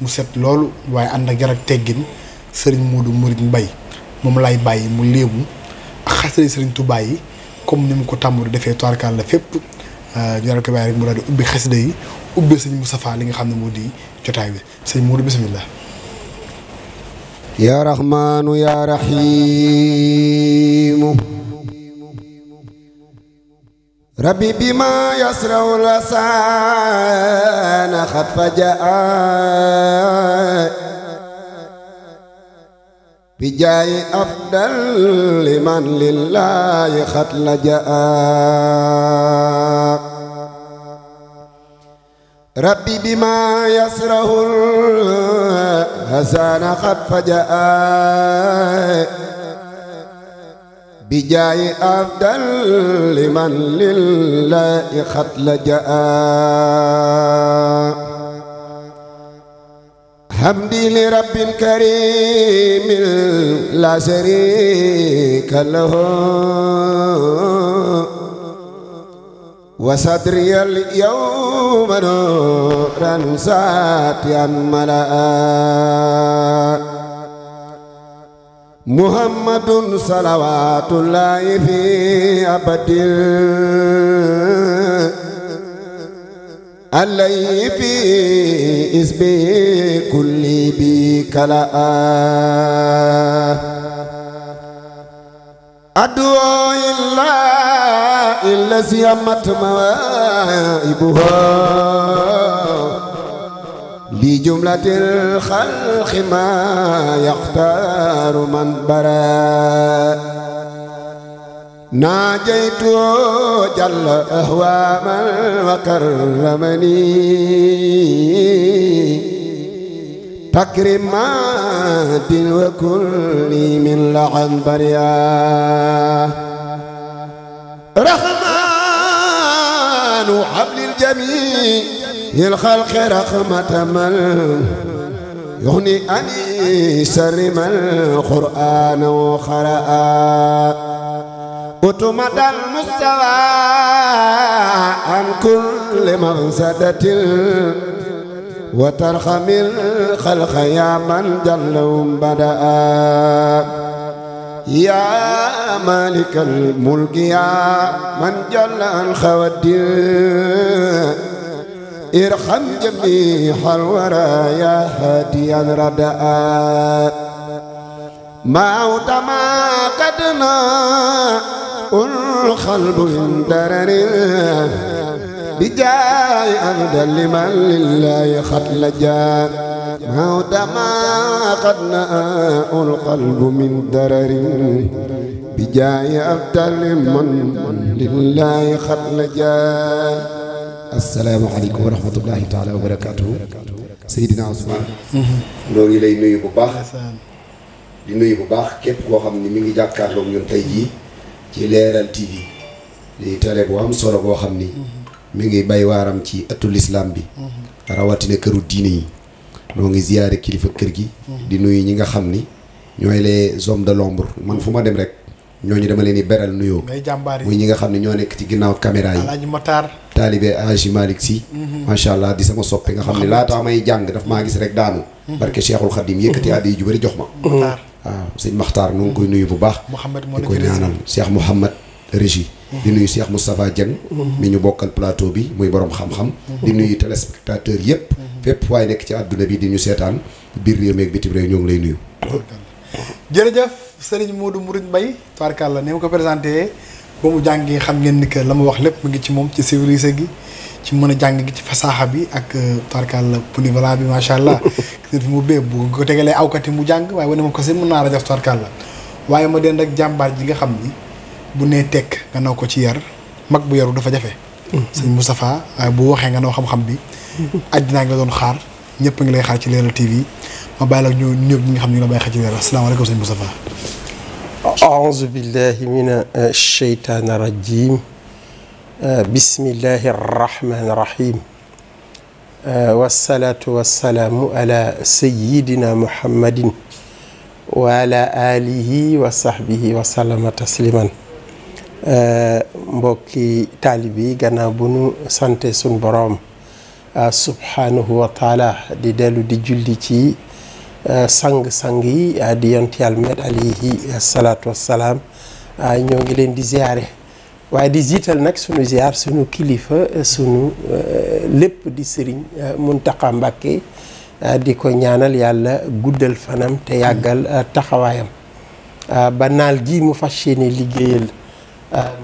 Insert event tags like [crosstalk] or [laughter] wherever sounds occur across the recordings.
mu set loolu waaye ànd ak yar ak teggin sëriñ Modou Mouride Mbaye moom lay bàyyi mu léebu ak xasee sëriñ Touba yi comme ni mu ko tàmbali defee toirkaal la fépp euh, ñu ko bàyyi rek mu daal ubbi xasida yi ubbi sëñ Moustapha li nga xam ne mu di jotaay bi sëñ Modou bisimilah. yaa rahmaanu ربي بما يسرع لسان خد فجاء بجاي أفضل لمن لله خد لجاء ربي بما يسره الحسان خد فجاء بجاي أفضل لمن لله خط لجأ حمدي لرب كريم لا شريك له وصدري اليوم نورا ساتيا ملأ محمد صلوات الله في أبد عليه في اسمه كل بكلا أدعو إلا إلا سيامت موائبها بجملة الخلق ما يختار من برا ناجيت جل أهوى من وكرمني تكرمات وكل من لعن بريا رحمن حبل الجميع للخلق رحمة من يغني أني سر من قرآن وقرأ أتمت المستوى عن كل مغزدة وترحم الخلق يا من جلهم بدأ يا مالك الملك يا من جل عن خواتي ارحم جميع الورى يا هاديا رداء موت ما قدنا القلب من درر بجاي أبدا لمن لله قد لجا موت ما قدنا القلب من درر بجاي أبدا لمن لله قد لجا asalaamaaleykum wa rahmatullahi taala wa barakaatuhu. Seydina Ousmane. ñoo ngi lay nuyu bu baax. di nuyu bu baax képp koo xam ni mi ngi jàkkaarloog ñun tey jii ci leeral TV di télé bu am solo boo xam ni. mu ngi bay waaram ci ëttu lislaam bi. rawatina këru diine yi. ñoo ngi ziyaare kilifa kër gi. di nuyu ñi nga xam ni ñooy les hommes de l'ombre man fu ma dem rek ñoo ñu dama leen di beral nuyoo. muy ñi nga xam ne ñoo nekk ci ginnaaw caméra yi. taalibe Aji Malick si mhm. macha allah di sama soppe nga xam ne laata may jàng daf maa gis rek daanu mhm. barke Cheikhul Khadim mhm. yëkkati addi ju bëri jox ma waaw sëñ Makhtar nu koy nuyu bu baax di koy ñaanal Cheikh Mouhamad Régi di nuyu Cheikh Moustapha Dieng mi ñu bokkal plateau bi muy borom xam-xam di nuyu téléspectateurs yëpp fépp waaye nekk ci àdduna bi di ñu seetaan biir réew meeg bitim réew ñoo ngi lay nuyu jërëjëf Serigne Modou Mouride Mbaye tubaarkàlla ni ma ko ba mu jàngee xam ngeen ni que la ma wax lépp mu ngi ci moom ci civilisé gi ci mën a jàng gi ci fasaaxa bi ak euh, tarkal polyvalent bi macha allah. [laughs] fi mu béy bu ko tegalee awkati mu jàng waaye wane ma ko si mën naa rajas tarkal la ma den rek jàmbaar ji nga xam ni bu nee tekk nga naw ko ci yar mag bu yaru dafa jafe. Mm-hmm. sëñ Moustapha waaye bu waxee nga naw xam-xam bi. Mm-hmm. àddinaa ngi la doon xaar ñëpp ngi lay xaar ci Leral TV ma bàyyi la ñu ñëpp ñi nga xam ne ñu la bàyyi xel ci Leral asalaamaaleykum sëñ Moustapha. أعوذ بالله من الشيطان الرجيم بسم الله الرحمن الرحيم والصلاة والسلام على سيدنا محمد وعلى آله وصحبه وسلم تسليما mbokki taalibi gannaaw bu nu sante sunu boroom subhaanahu wa taala di dellu di julli ci sang-sang yi ah, di yonti yàlla met alayhi salaatu wassalaam ah, ñoo ngi leen di ziyaare waaye di jiital nag sunu ziyaar sunu kilifa sunu eh, lépp di sëriñ eh, Muntaqa Mbàkke ah, di ko ñaanal yàlla guddal fanam te yàggal eh, taxawaayam ba naal gi mu fas yéene liggéeyal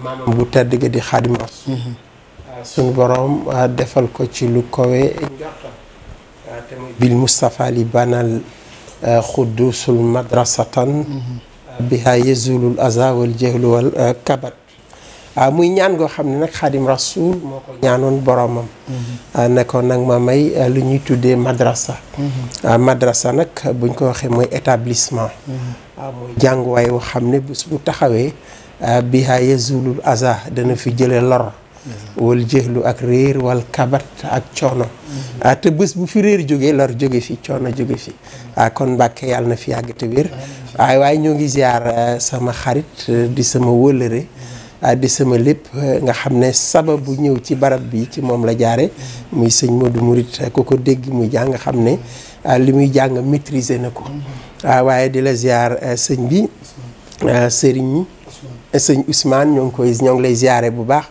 maamam bu tedd ga di Xaadimu Rasuul mm-hmm. sunu boroom defal ko ci lu kowe bil Mustafa li banal xuddusul madrasatan biha yazulul aza wal jahlu wal eh, kabat ah, muy ñaan goo xam ne nag xaadim rasul moo ko ñaanoon boromam ah, ne nag ma may eh, lu ñuy tuddee madrasa ah, madrasa nag buñ ko waxee mooy établissement mooy jànguwaay woo xam ne bés bu taxawee eh, biha yazulul aza dana fi jële lor wal jëxlu ak réer wal kabat ak coono mm-hmm. ah bés bu fi réer jógee lor jóge fi coono jóge fi mm-hmm. ah kon Mbàkke yàlla na fi yàgg te wér waaye ah, waaye ñoo ngi ziar ah, sama xarit ah, di sama wëlëre mm-hmm. di sama lépp nga xam ne sabab bu ñëw ci barab bi ci moom la jaare muy sëñ Modou Mouride ku ko dégg muy jàng xam ne li muy jàng maîtriser na ko waaye di la ziar sëñ bi sëriñ sëñ Ousmane ñoo ngi koy ñoo ngi lay ziare bu baax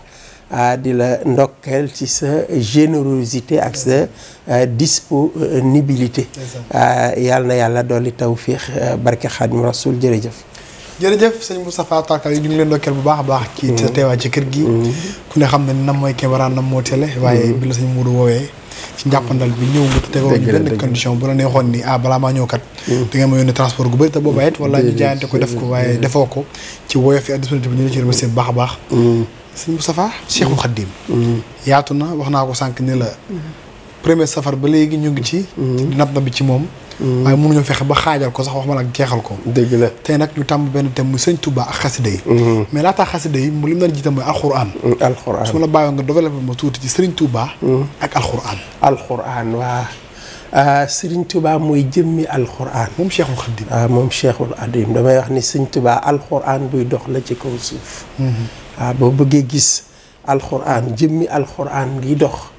ah di la ndokkeel ci sa générosité ak sa euh, disponibilité euh, yàlla na yàlla dolli tawfiix euh, barke Xaadim Rasul jërëjëf jërëjëf sëñ Moustapha Tall yi ñu ngi leen dokkeel bu baax baax ci mm-hmm. sa teewaay ci kër gi mm-hmm. ku ne xam ne nam mooy Kébara nam moo télé waaye mm-hmm. bi la sëñ Mourou woowee ci njàppandal bi ñëw nga tegoo ñu benn condition bu la neexoon ni ah balaa maa ñëw kat da yoon ma yónnee transport gu bëri te boobaa it wala ñu jaayante ko def ko waaye defoo ko ci woyof yi ak ñu la ci baax baax sëñ Moustapha Cheikhul mm-hmm. Khadim mm-hmm. yaatu na wax naa ko sànq ni la mm-hmm. premier safar ba léegi ñu ngi ci nat na bi ci moom waaye mënuñoo fexe ba xaajal ko sax ma la jeexal ko dëgg la tey nag ñu tàmm benn thème mu sëñ Touba ak xasida yi mais laataa xasida yi mu li mu daan jiite mooy alxuraan alxuraan la bàyyoon nga développé ma tuuti ci Serigne Touba ak alxuraan alxuraan waa ah, Serigne Touba mooy jëmmi alxuraan moom Cheikhul Khadim waaw ah, moom Cheikhul Khadim wax ni Serigne Touba alxuraan buy dox la ci kaw suuf waaw ah, boo bëggee gis alxuraan jëmmi alxuraan ngi dox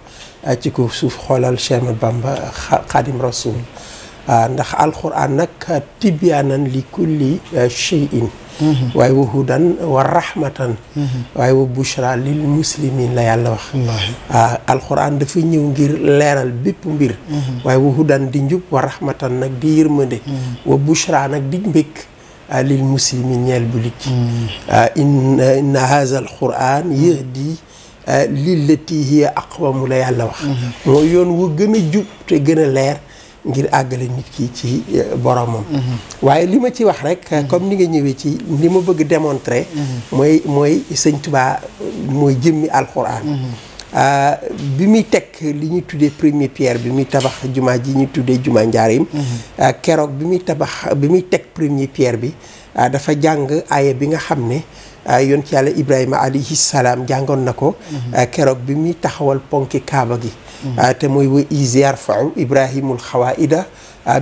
ah, ci ko suuf xoolal Cheikh Ahmadou Bamba Xaadim Rasul ah, ndax alxuraan nag tibyaanan li kulli shay'in mhm. waaye wa wa rahmatan mhm. waaye wa bushra lil muslimin la yàlla wax alxuraan dafa ñëw ngir leeral bépp mbir mhm. waaye wa di njub wa rahmatan nag di yërmande wa bushra nag di mbékk lil muslimi ñeel bulit hmm. ah, eh, inna haza al quran yahdi eh, lillati hiya aqwamu la yàlla wax hmm. mooy yoon wu gën a te gën a leer ngir àggale nit ki ci eh, boromam hmm. waaye li ma ci wax rek comme ni nga ñëwee ci li ma bëgg démontrer mooy mooy sëñ Tuubaa mooy jëmmi alquran Euh, bi muy teg li ñuy tuddee premier pierre bi muy tabax jumaa ji ñuy tuddee jumaa njaarim mhm. euh, keroog bi muy tabax bi muy teg premier pierre bi euh, dafa jàng aaya bi nga xam ne yoon ci yàlla ibrahima alayhi salaam jàngoon na ko mhm. keroog bi muy taxawal ponk kaaba gi mhm. te mooy wa iz yarfau ibrahimul xawaida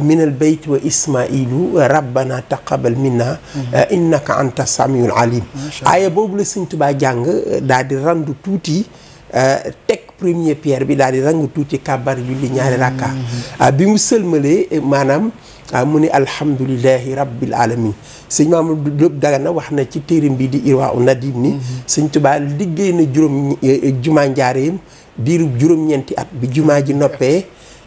minal bayt wa ismailu rabbana taqabal minna innaka anta samiul alim aaya boobu la sëñ Tuubaa jàng daal di randu tuuti Euh, teg première pierre bi daal di rangu tuuti kàbbar julli ñaari rakka mm-hmm. euh, bi mu sëlmalee eh, maanaam euh, mu ni alhamdulilahi rabbil alamin sëñ maam Diop Dagana wax na ci téerim bi di Irwa Nadim ni mm-hmm. sëñ Tuubaa liggéey na juróom eh, eh, jumaa njaareem diiru juróom-ñeenti at bi jumaa ji noppee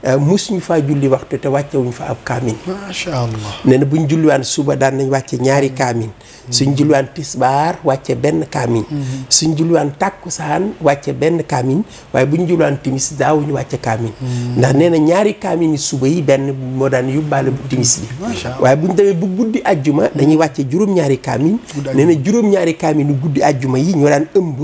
Euh, mus ñu faa julli waxtu te wàcce wuñ fa ab kaamin. macha allah na bu ñu julliwaan suba daan nañ wàcce ñaari kaamin. suñ julliwaan tisbaar wàcce benn kaamin. suñ julliwaan tàkkusaan wàcce benn kaamin waaye bu ñu julliwaan timis daawuñu wàcce kaamin. ndax nee na ñaari kaamin yi suba yi benn moo daan yóbbaale bu timis bi. waaye bu ñu demee bu guddi ajjuma dañuy wàcce juróom-ñaari kaamin. nee na juróom-ñaari kaamin yu guddi ajjuma yi ñoo daan ëmb.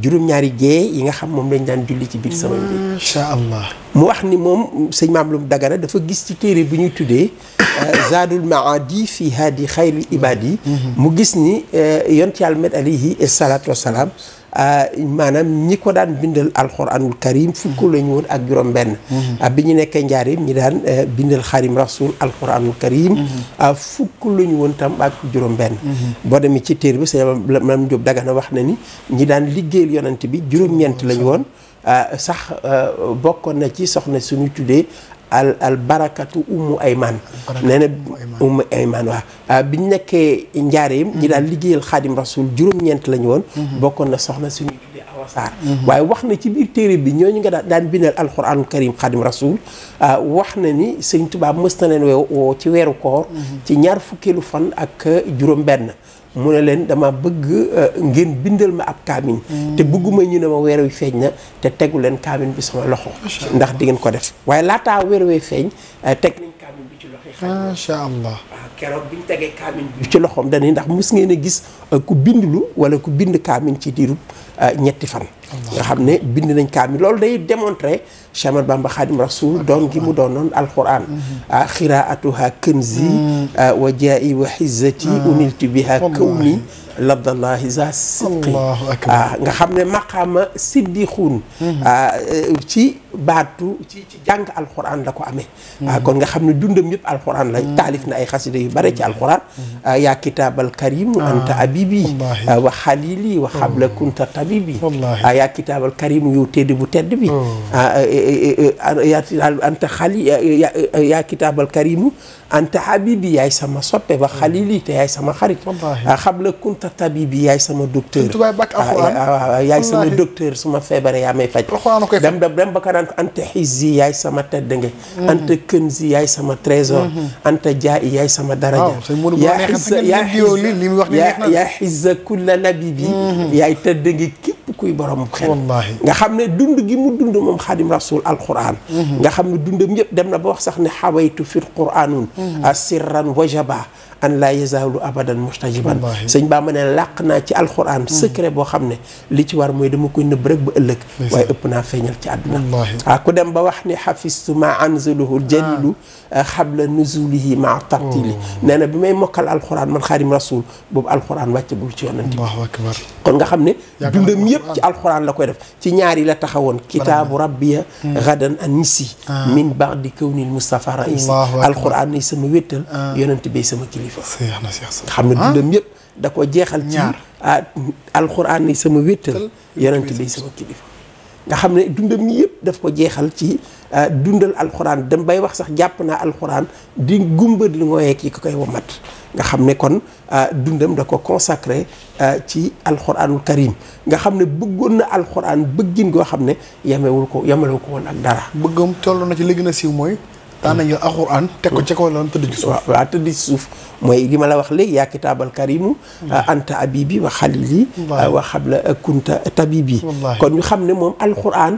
juróom-ñaari gée yi nga xam moom lañ daan julli ci biir sama bi macha allah mu wax ni moom sëñ Maamlum Dagana dafa gis ci téere bi ñuy tuddee euh, Zaadul Maadi fi Hadi Xayri Ibadi mm-hmm. mu gis ni euh, yonent Yàlla met alayhi salaatu wa salaam Euh, maanaam ñi ko daan bindal alxuraanul karim fukk lañu woon ak juróom benn mhm. euh, bi ñu nekkee njaarim ñi daan euh, bindal xarim rasul alxuraanul karim mhm. fukk la ñu woon tam ak juróom benn mhm. boo demee ci téer bi sëñ maam Jóob Dagana wax na ni ñi daan liggéeyal yonant bi juróom-ñeent la ñu woon sax bokkoon na ci soxna suñu tuddee al al barakatu umu ayman nee na umu ayman ah, bi ñu nekkee njaareem ñi daan liggéeyal xaadim rasul juróom-ñeent lañu woon mhm. bokkoon na soxna suñu tuddee Awa Sarr mhm. waaye wax na ci biir téere bi ñu nga daan bindal alquranu karim xaadim rasul ah, wax na ni sëñ tubaab mës na leen woo ci weeru koor mhm. ci ñaar fukkeelu fan ak juróom benn mu ne leen dama bëgg euh, ngeen bindal ma ab kaamin hmm. te bëgguma ñu ne ma weer wi feeñ na te tegu leen kaamin bi sama loxo ndax di ngeen ko def waaye laataa weer wee feeñ euh, teg nañ kaamin bi ci loxo yi macha allah waaw keroog ci loxoom dañuy ndax mos ngeen a gis euh, ku bind bindlu wala ku bind kaamin ci diirub Euh, ñetti fan nga xam ne bind nañ kaamil loolu day démontrer Cheikh Ahmadou Bamba Khadim Rasoul doon gi mu doonoon alquran mm-hmm. ah xiraatuha kanzi mm-hmm. ah, wa jaa'i wa xizzati mm-hmm. uniltu biha kawni labdallahi za siqi ah, nga xam ah, eh, ci baatu ci ci jàng alxuraan la ko amee kon nga xam ne dundam yëpp alxuraan la taalif na ay xasida yu bare ci alxuraan yaa kitaabal karim anta abibi wa xalili wa xabla kunta habibi a ah, ya kitabal karim yo teddumo tedde bi oh. ah, eh, eh, eh, ya anta karimu anta habibi yaay sama soppe ba xalili te sama xarit ah, xabla kunta tabibi yaay sama docteur ah, ah, yaay sama docteur suma feebare yaa may faj dem dem ba ko naan ko anta xizzi yaay sama tedd nge mm-hmm. anta kënzi yaay sama trésor mm-hmm. anta jaa'i sama daraja yaa xizza kulla nabibi mm-hmm. yaay tedd nge kuy borom xel nga xam ne dund gi mu dund moom xaadim rasul alquran mhm. nga xam ne dund dundam yëpp dem na ba wax sax ne xawaytu fil quranun mhm. asirran wajaba an laa yazaalu abadan mustajiban sëñ Bamba ne làq naa ci alxuraan hmm. secret boo xam ne li ci war mooy dama koy nëbb rek ba ëllëg waaye ëpp naa feeñal ci àdduna waaw ah, ku dem ba wax ni xafistu ma anzalahu jalilu ah. ah, xabla nuzulihi ma tartili oh. nee na bi may mokkal alxuraan man xaadim rasul boobu alxuraan wàccagul ci yonent bi kon nga xam ne dundam yëpp ci alxuraan la koy def ci ñaar yi la taxawoon kitaabu rabbiya hmm. gadan an nisi min baadi kawnil mustafa raisi alxuraan ni sama wéttal yonent bi sama kilifa xalifa xam ne ah. dundam yëpp da ko jeexal ci alxuraan ni sama wéttal yonent bi xam ne dundam daf ko jeexal ci dundal alxuraan dem bay wax sax jàpp naa alxuraan di gumba di ngooyee ki ko koy womat nga xam ne kon dundam da ko consacré ci alxuraanul karim nga xam ne bëggoon na alxuraan bëggin goo xam ne yamewul ko yamalewu ko woon ak dara bëggam toll na ci léegi na siiw mooy daan nañu alxuraan teg ko ci kaw lan tëdd suuf waaw tëdd mooy li ma la wax léegi yaa kitaabal karimu hmm. anta abibi wa xalili wa xabla kunta tabibi kon ñu xam ne moom alxuraan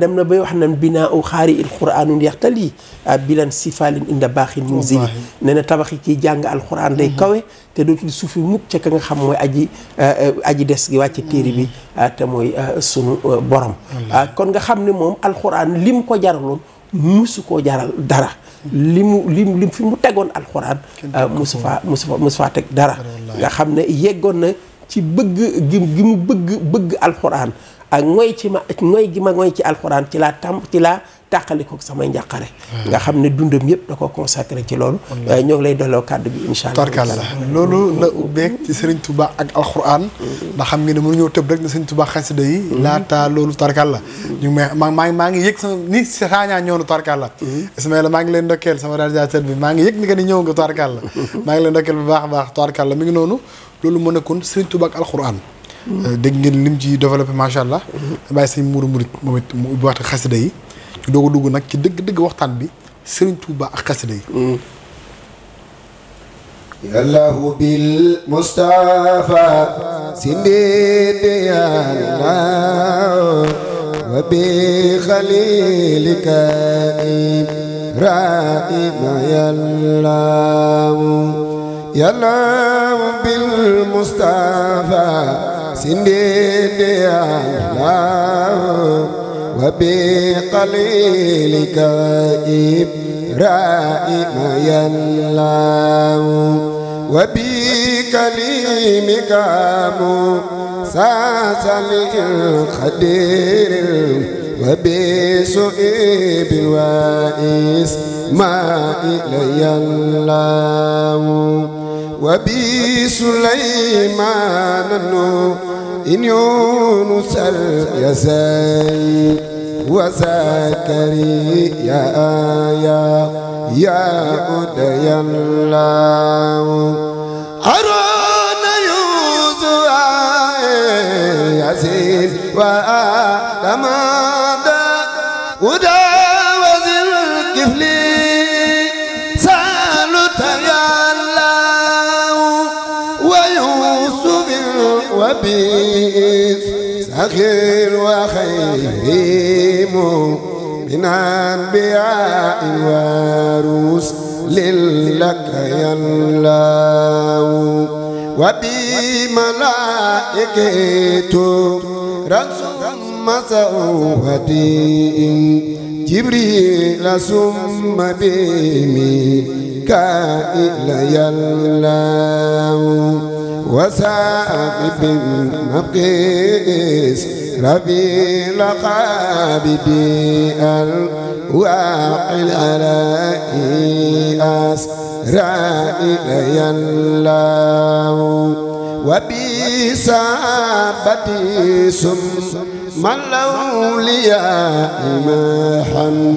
dem na ba wax nan binaa u xaari il xuraanu yaxtali bilan sifalin inda baaxin munzili ne na tabax yi ciy jàng alxuraan day hmm. kawe te dootul suuf yi nga xam mooy aji aji des gi wàcce téere bi hmm. te mooy sunu borom kon nga xam ne moom alxuraan lim ko jaraloon musu koo jaral dara li mu li mu fi mu tegoon alxuraan musu faa musu faa teg dara nga xam ne yeggoon na ci bëgg gi gi mu bëgg bëgg alxuraan ak ngoy ci ma ngoy gi ma ngoy ci alxuraan ci laa tam ci laa tàqali ko samay njàqare hmm. nga xam ne dundam yëpp da ko consacré ci loolu waaye eh, ñëw ngi lay dolloo kàddu bi incha allah tarkalla loolu la ubbeeg ci Serigne Touba ak alquran hmm. ndax xam nga ne mënuñoo tëb rek na Serigne Touba xasida yi hmm. laata loolu tarkalla ñu ngi ma maa ngi maa ngi yëg sama ni saañaa ñëw na tarkalla Ismaïla maa ngi leen ndokkeel sama réalisateur bi maa ngi yëg ni que ni ñëw nga tarkalla maa ngi leen ndokkeel bu baax a baax tarkalla mi ngi noonu loolu moo nekkoon Serigne Touba ak alquran eh, dégg ngeen lim ci développé macha allah bàyyi sëñ Mourou Mourid moom it mu ubbi waxtu xasida ci doo ko dugg nag ci dëgg-dëgg waxtaan bi Serigne Touba ak xasida yi mm. yallahu bil Mustafa sindite yallahu وبقليلك إبراهيم ينلاه وبكليمك موسى الخدير وبسئيب وائس ما إلي الله وبسليمان إن يونس اليسير وزكريا يا يا أدي الله أرون يوسف يزيد وآدم ودا وزير كفلي سالت يا الله ويوسف وبيت سخير وخير أنبياء ورسل لك ينلاو وبملائكته رسول مسوهدين جبريل ثم بميكائيل ينلاو وسائب مقيس ربي لقابدي الواقل على أسرى إلي الله وبسابتي سم من لولياء محن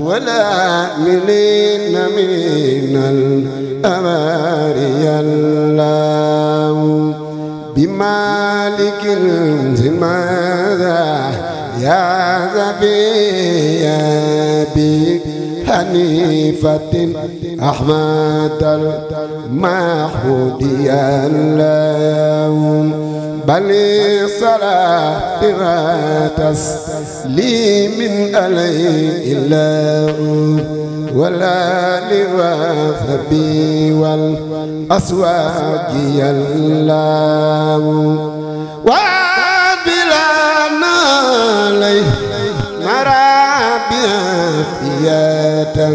ولا منين من الأماري الله بمالك الماذا يا غبي يا بي حنيفة أحمد المحمود يا اللهم بل صلاتنا تسليم عليه الله ولا لوافبي والأسواق الله وبلانا عليه مرابيا فياتا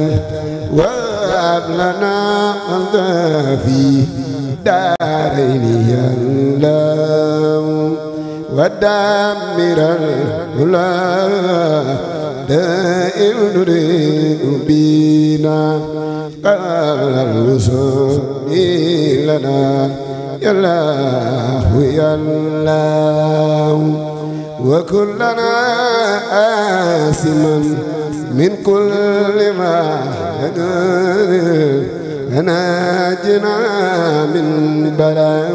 وابلنا أنذا فيه الدارين يا الله ودمر الغلا دائم نريد بنا قال الوصول لنا يا الله يا الله وكلنا آسما من كل ما هدر ناجنا من بلاء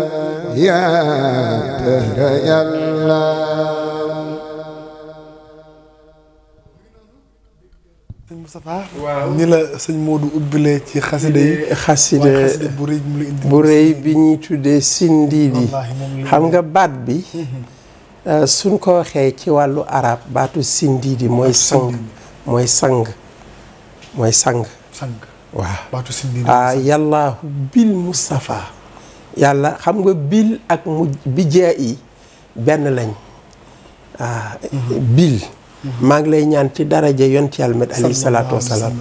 يا دهر يا الله ni la sëñ Modou ubbilee ci xasida yi bi ñuy tuddee sindiidi xam nga baat bi [laughs] euh, suñ ko xee ci wàllu araab baatu sindiidi mooy sang mooy sang mooy sang sang waaw ah, yàllaahu bil Mustafa yàlla xam nga bil ak mu bijaa benn lañ ah, mhm. bil mhm. maa ngi lay ñaan ci daraja yonti yàlla met alayhi salaatu wasalaam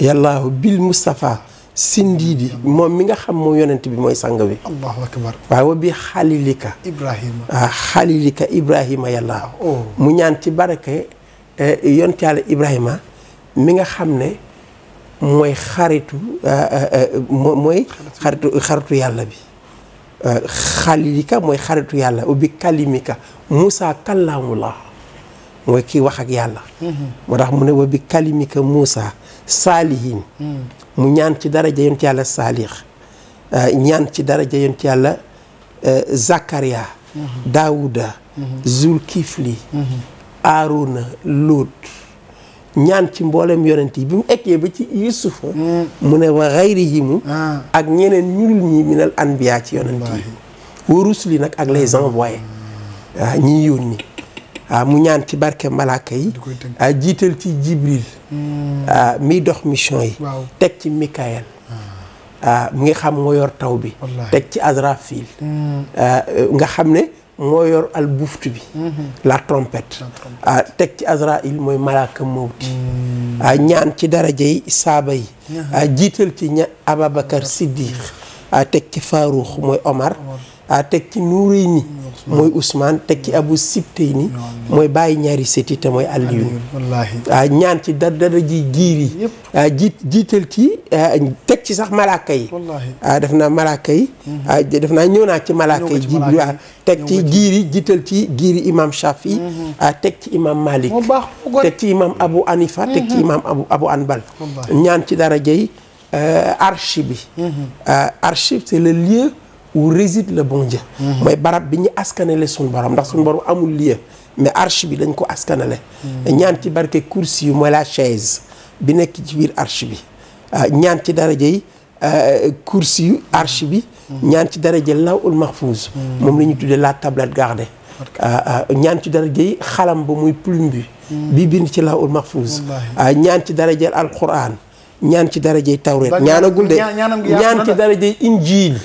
yàllaahu bil Mustafa sindiidi mhm. moom mi nga xam moo yonent bi mooy sang bi allahu akbar waaw bi xalilika ibrahima waaw ah, ibrahima yàlla oh. mu ñaan ci barake eh, yonti yàlla ibrahima mi nga xam ne mooy xaritu euh, euh, euh, mooy xaritu yàlla bi xalilika mooy xaritu yàlla ubbi kalimika Moussa kallaamullah mooy kii wax ak yàlla mm-hmm. moo tax mu ne wa bi kalimika Moussa saalihin mm. mu ñaan ci daraja yonent yàlla saalix ñaan ci daraja yonent yàlla Zakaria mm-hmm. Daawuda mm-hmm. Zulkifli Aaruna Lóot ñaan ci mboolem yonent yi bi mu ekkee ba ci yusufa mu ne yi xayrihim ah. ak ñeneen ñu dul ñi minal anbiya ci yonent yi wa rusuli nag ak les envoyés waaw ah, ñiy yónni ah, mu ñaan ci barke malaaka yi jiital ci jibril hmm. miy dox mission yi teg ci mikael mu ngi xam nga yor taw bi teg ci azrafil hmm. nga xam ne moo yor al buftu bi mhm. la trompette ah teg ci azrail mooy malaaka mawti mm. ah ñaan ci daraja yi saaba yi mhm. ah jiital ci ña Ababacar Siddiq ah teg ci Farouk mooy Omar ah teg ci nuuréy ni mooy Ousmane teg ci abu sibtey ni mooy bàyyi ñaari séti te mooy Alioune ah ñaan ci dara ji giir yi ah jiit jiital ci teg ci sax malaaka yi ah def naa malaaka yi mhm. def naa ñëw naa ci malaaka yi ji waaw teg ci giir jiital ci giir yi imam Shafi mhm. teg ci imam Malik teg ci imam Abu Anifa teg ci mhm. imam Abu Abu Anbal ñaan ci dara jey euh, archi bi euh, archi c'est le lieu où réside le bon Dieu. Mm-hmm. mooy barab bi ñu askanale suñu borom ndax suñu borom amul lieu mais arche bi dañ ko askanale. Mm-hmm. ñaan ci barke kursi yu mooy la chaise bi nekk ci biir arche bi ah, ñaan ci daraja yi ah, kursi yu arche bi. Mm-hmm. ñaan ci daraja lawul mahfouz. moom la ñu tuddee la tablette gardée. Ah, ñaan ci daraja yi xalam ba muy plume bi. bi bind ci lawul mahfouz. ñaan ci daraja alquran ñaan ci daraja tawret ñaanagul de ñaan ci daraja injiil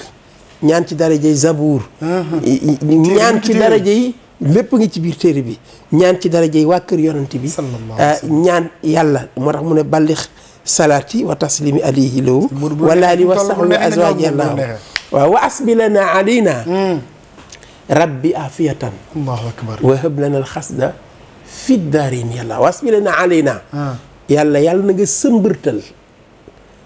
ñaan ci darajey zabuur uh-huh. ñaan ci darajey lépp ngi ci biir téere bi ñaan ci darajey waa kër yonante bi ah, ñaan yàlla moo tax mu ne ballix salaati wa taslimi alayhi law walaali wa saxlu azwaaji allah waaw wa asbilana alayna hmm. rabbi afiyatan allahu lana alxasda ah. yàlla yàlla na nga sëmbërtal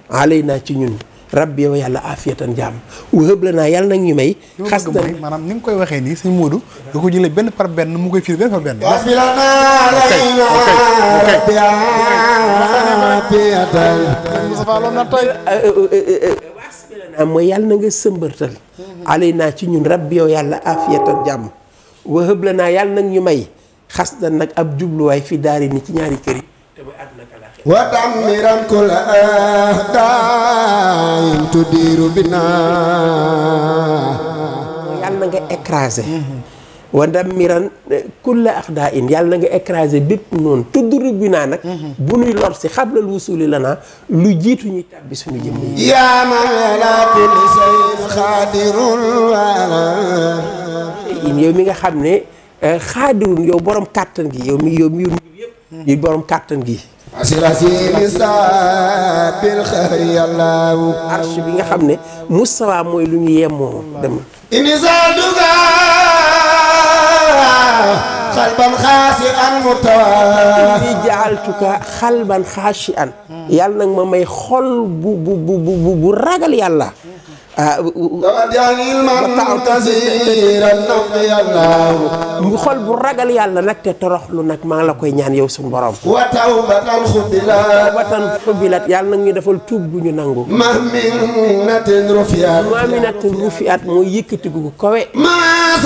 alayna ci ñun rab yow yàlla aafiyatan jaam wahab lanaa yàlla nag ñu may. xas na maanaam ni nga koy waxee nii sëñ Modou. nga ko jëlee benn par benn mu koy benn par benn. waaw mooy naa ci ñun rabbi yow yàlla aafiyatan jaam wahab lanaa yàlla nag ñu may xas na nag ab jubluwaay fi daari ni ci ñaari kër ودمرا كل أهداء تدير بنا يلا نجا إكرازي ودمرا كل أهداء يلا نجا إكرازي بيب نون تدير بنا نك بني لورسي قبل الوصول لنا لجيت نيتاب بسم الله يا من لا كل شيء خادر ولا yow mi nga xam ne xaadirun yow borom kàttan gi yow mi yow mi di borom kàttan gi arsh bi nga xam ne Moustapha mooy lu ñu yemmoo dem xalban xaasi mu yàlla nag ma may xol bu ragal yàlla ah, mu xol bu ragal yàlla nag te toroxlu nag maa la koy ñaan yow suñu borom. wa tawbatan xubilat. tawbatan yàlla nag ñu defal tuub bu ñu nangu. maaminatin rufiat. maaminatin rufiat mooy yëkkati gu ko kawe. maa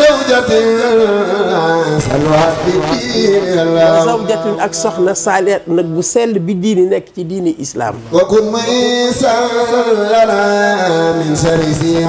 zawjatin ak soxna saaleet nag bu sell bi diini nekk ci diini islaam wakun muhisan lana min sharri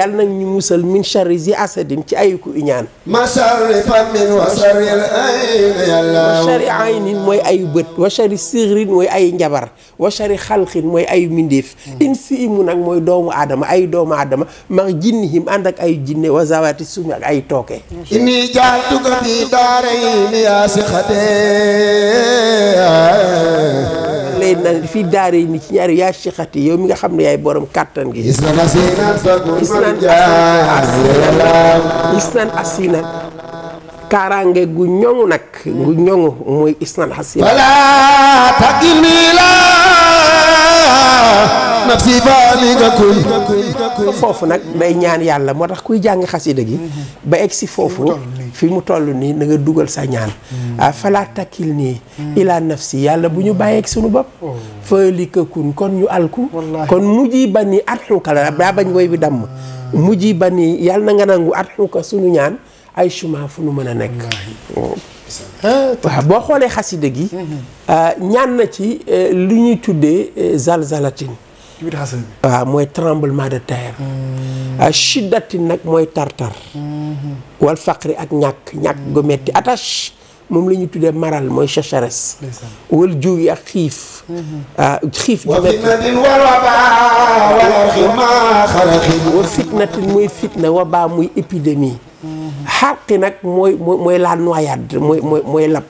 nag ñu musal min sharri zi asadin ci ayu ku iñaan ma sharri famin wa wa sharri aynin mooy ayu bët wa sharri sigrin mooy ayu njabar wa sharri xalqin mooy ayu mindéef insi imu nag mooy doomu aadama ay doomu aadama mag jinnihim ànd ak ayu jinne wa sumi ak ay tooke إني جعلتك في دارين yi ni ci ñaari yaa sixati yow mi nga xam ne yaay boroom kàttan gi isnan asina kaaraange gu ñoŋu nag gu ñoŋu mooy isnan asina wala taqil nii la nafsi foofu nag day ñaan yàlla moo tax kuy jàng xasida gi ba egg si foofu fi mu toll nii na nga dugal sa ñaan mm. ah falaa takkil nii mm. ilaa nafsi yàlla bu ñu bàyyeeg suñu bopp oh. faalika kun kon ñu alku kon mujji bani at xuuka la daa bañ woy bi damm ah. mujji bani yàlla na nga nangu at xuuka suñu ñaan ay chemin fu nu mën a nekk oh. eh, waaw boo xoolee xasida gi mm-hmm. ah, ñaan na ci eh, lu ñuy tuddee eh, zalzalatin ci mooy tremblement de terre. ah nag mooy tartar. wal faqri ak ñàkk ñàkk gu metti attache moom la ñu tuddee maral mooy sécheresse. wal jiw ak xiif. xiif ju metti wa fitnatin muy fitna wa muy épidémie. xàqi nag mooy mooy la mooy lab.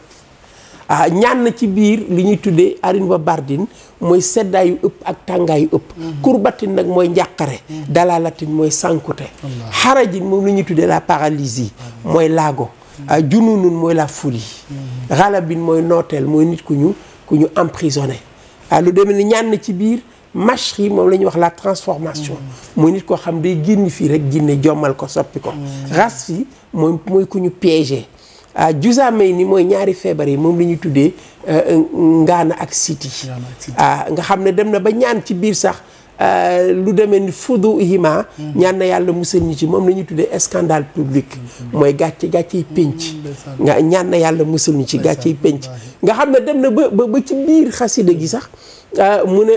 Ah, ñaan na ci biir li ñuy tuddee arin wa bardin mooy seddaayu ëpp ak tàngaayu ëpp mhm. kurbatin nag mooy njàqare mhm. dalaalatin mooy sankute xarajin moom li ñuy tuddee la paralysie mooy laago mhm. ah, jununun mooy la folie xalabin mooy nooteel mooy nit ku ñu ku ñu emprisonné ah, lu demee ni ñaan na ci biir mashri moom la ñuy wax la transformation mooy nit koo xam day génn fii rek jinne jommal ko soppi ko ras fi mooy mooy ku ñu piégé ah jusaamay ni mooy ñaari feebar yi moom la ñuy tuddee euh, ngaana ak siti ah, nga xam ne dem na ba ñaan ci biir sax euh, lu demee ni fudu hima hmm. ñaan na yàlla musal ñu ci moom la ñuy tuddee scandale public hmm. mooy gàcce gàcce yi pénc hmm, ñaan na yàlla musal ñu ci gàcce yi pénc nga xam ne dem na ba ba ci biir xasida gi sax Ah, mu ne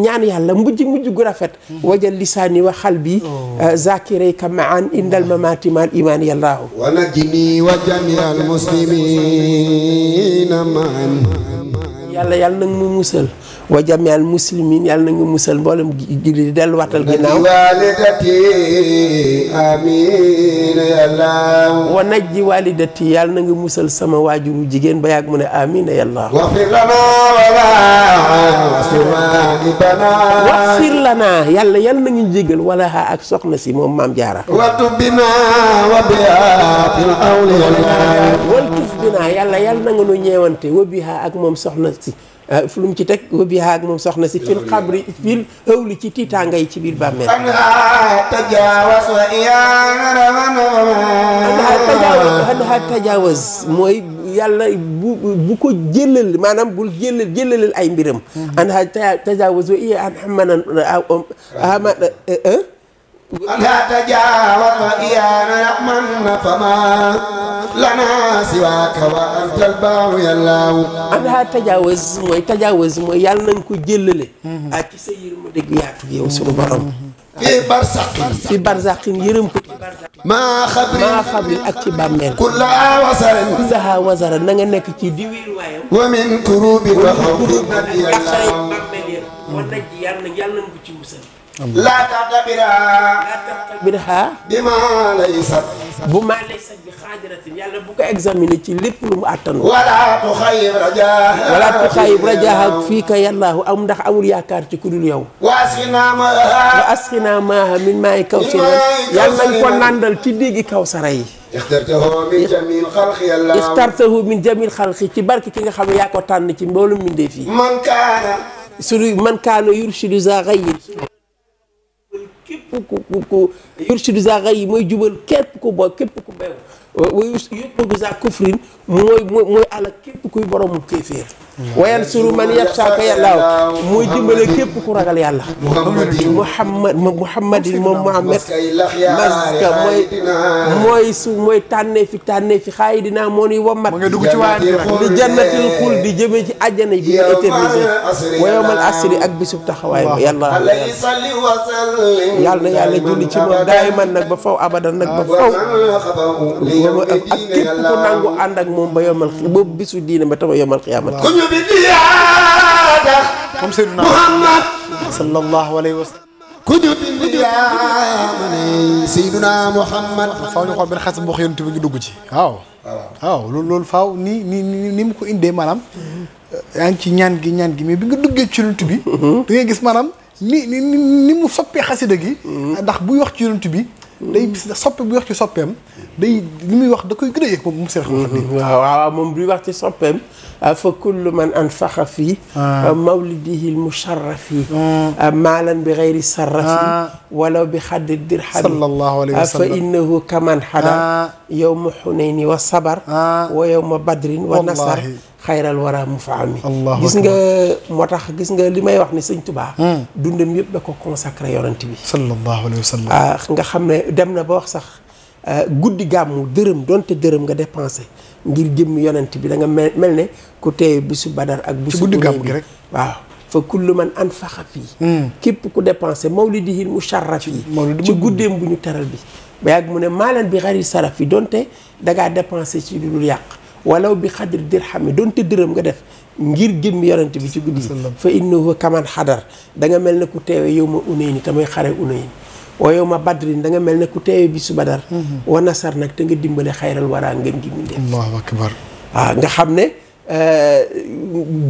ñaan yàlla mujj mujj gu rafet hmm. wajal lisaani wa xalbi oh. ah, zakirayka maan indal hmm. mamati mal iman yallaahu wa najini wa jamial muslimina maan yàlla yàlla nag mu musal wa jamial muslimin yàlla na nga musal mboolem gi di delluwaatal ginnaaw walidati walidati yàlla na nga musal sama waajuru jigéen ba yàgg mu ne amin yàlla waxfir lana wala wasibana ak soxna si moom maam jaara watuf bina wa biha fil awliya waltuf yàlla yàlla na nu ñeewante wa ak moom soxna si Eh, fu ci teg wa bihaa ak moom soxna si fil xabri fil hëwli ci tiitaanga yi ci biir bàmmeel tajaawas wa anha tajaawas mooy yàlla bu ko jëlal maanaam bul jëlal jëlalal ay mbiram mm-hmm. anha tajaawas wa iya an amanan لا تجاوز إيانا يأمن فما لنا سواك وأنت الباو يا الله أنا تجاوز موي تجاوز موي يالا sunu borom fi barsaqin yërëm ko maa xabri maa xabri ak ci bàmmeel kullaha wasaran kullaha wasaran na nga nekk ci di wiir waayam wa min kurubi wa xawfi nabiyallah wa najji yàlla yàlla laa taxtabirha. laa taxtabirha. bi maa laysat. bu maa laysat bi xaajaratin yàlla bu ko examiner ci lépp lu mu àttanu. wala tu xayib rajaaha. wala tu xayib rajaaha fii ka yàllaahu am ndax amul yaakaar ci ku dul yow. wa asqinaa maaha. wa asqinaa maaha min maa'i kawsar. yàlla nañ ko nandal ci déggi kawsara yi. ixtartahu min jamil xalqi yàlla. ixtartahu min jamil xalqi ci barke ki nga xam ne yaa ko tànn ci mboolum mbindeef yi. man kaana. su man kaana yurshidu za xayib képp ku ku yursidu za gay yi mooy jubal képp ku booy képp ku bew euh, wa yursidu za kufrin mooy mooy àll képp kuy boroomu kéeféer wayan suru man yattaaka yàlla mooy dimbale képp ku ragal yàlla muhammad muhammadin moom muhammad maska mooy mooy su mooy tànnee fi tànnee fi xaayi dinaa moo nuy wommat di jannatil di jëmee ci àjjana yi bi nga éternisé wa yowmal asri ak bisub taxawaay ma yàlla yàlla na yàlla julli ci moom daay man nag ba faw abadan nag ba faw ak képp ku nangu ànd ak moom ba yomal ba bisu diine ba tama yomal xiyaama ku ñu bi diyaada moom Seydina Muhammad sallallahu alayhi wa sallam ku ñu bi diyaada Seydina Muhammad faaw ñu xool benn xas boo xam ne dugg ci waaw waaw loolu loolu faaw ni ni ni mu ko indee maanaam yaa ngi ci ñaan gi ñaan gi mais bi nga duggee ci yonent bi mhm. da ngay gis maanaam ni ni ni mu soppee xasida gi mhm. ndax buy wax ci yonent bi day bis da soppe bu wax ci soppeem day li muy wax da koy gën a yëg moom mu seex. waaw waaw moom buy wax ci soppeem. fa kullu man anfaxa fii ah. mawlidihi fii ah. ah, maalan bi gayri sarrafi walaw bi xaddi dirhami fa innahu kaman xadar yowma xunayni wa sabar wa yowma badrin wa nasar xayral wara mufaami gis nga moo tax gis nga li may wax ni sëñ Tuubaa hmm. dundam yëpp da ko consacré yonent bi sallallahu alayhi nga xam ne dem na ba wax sax guddi gàmmu dërëm donte dërëm nga dépensé ngir jëm yonent bi da nga mel mel ne ku teewe bisu badar ak bisu guddi gàmm gi rek waaw fa kullu man an anfaqa yi hmm. képp ku li di dépensé mawlidihil musharraf yi ci guddeem bu ñu teral bi ba yàgg mu ne maalan bi xari saraf yi donte dangaa dépensé ci lu dul yàq walaw bi xadri dirham yi donte dërëm nga def ngir jëmmi yonent bi ci guddi fa innahu kaman xadar da nga mel ne ku teewe yow ma unéy ni tamay xare unéy ooyow ma badrin da nga mel ne ku teewe bi su badar mhm. wa nasar nag te nga dimbale xayral waraa ngeen gi mu ndef allahu waaw ah, nga xam ne euh,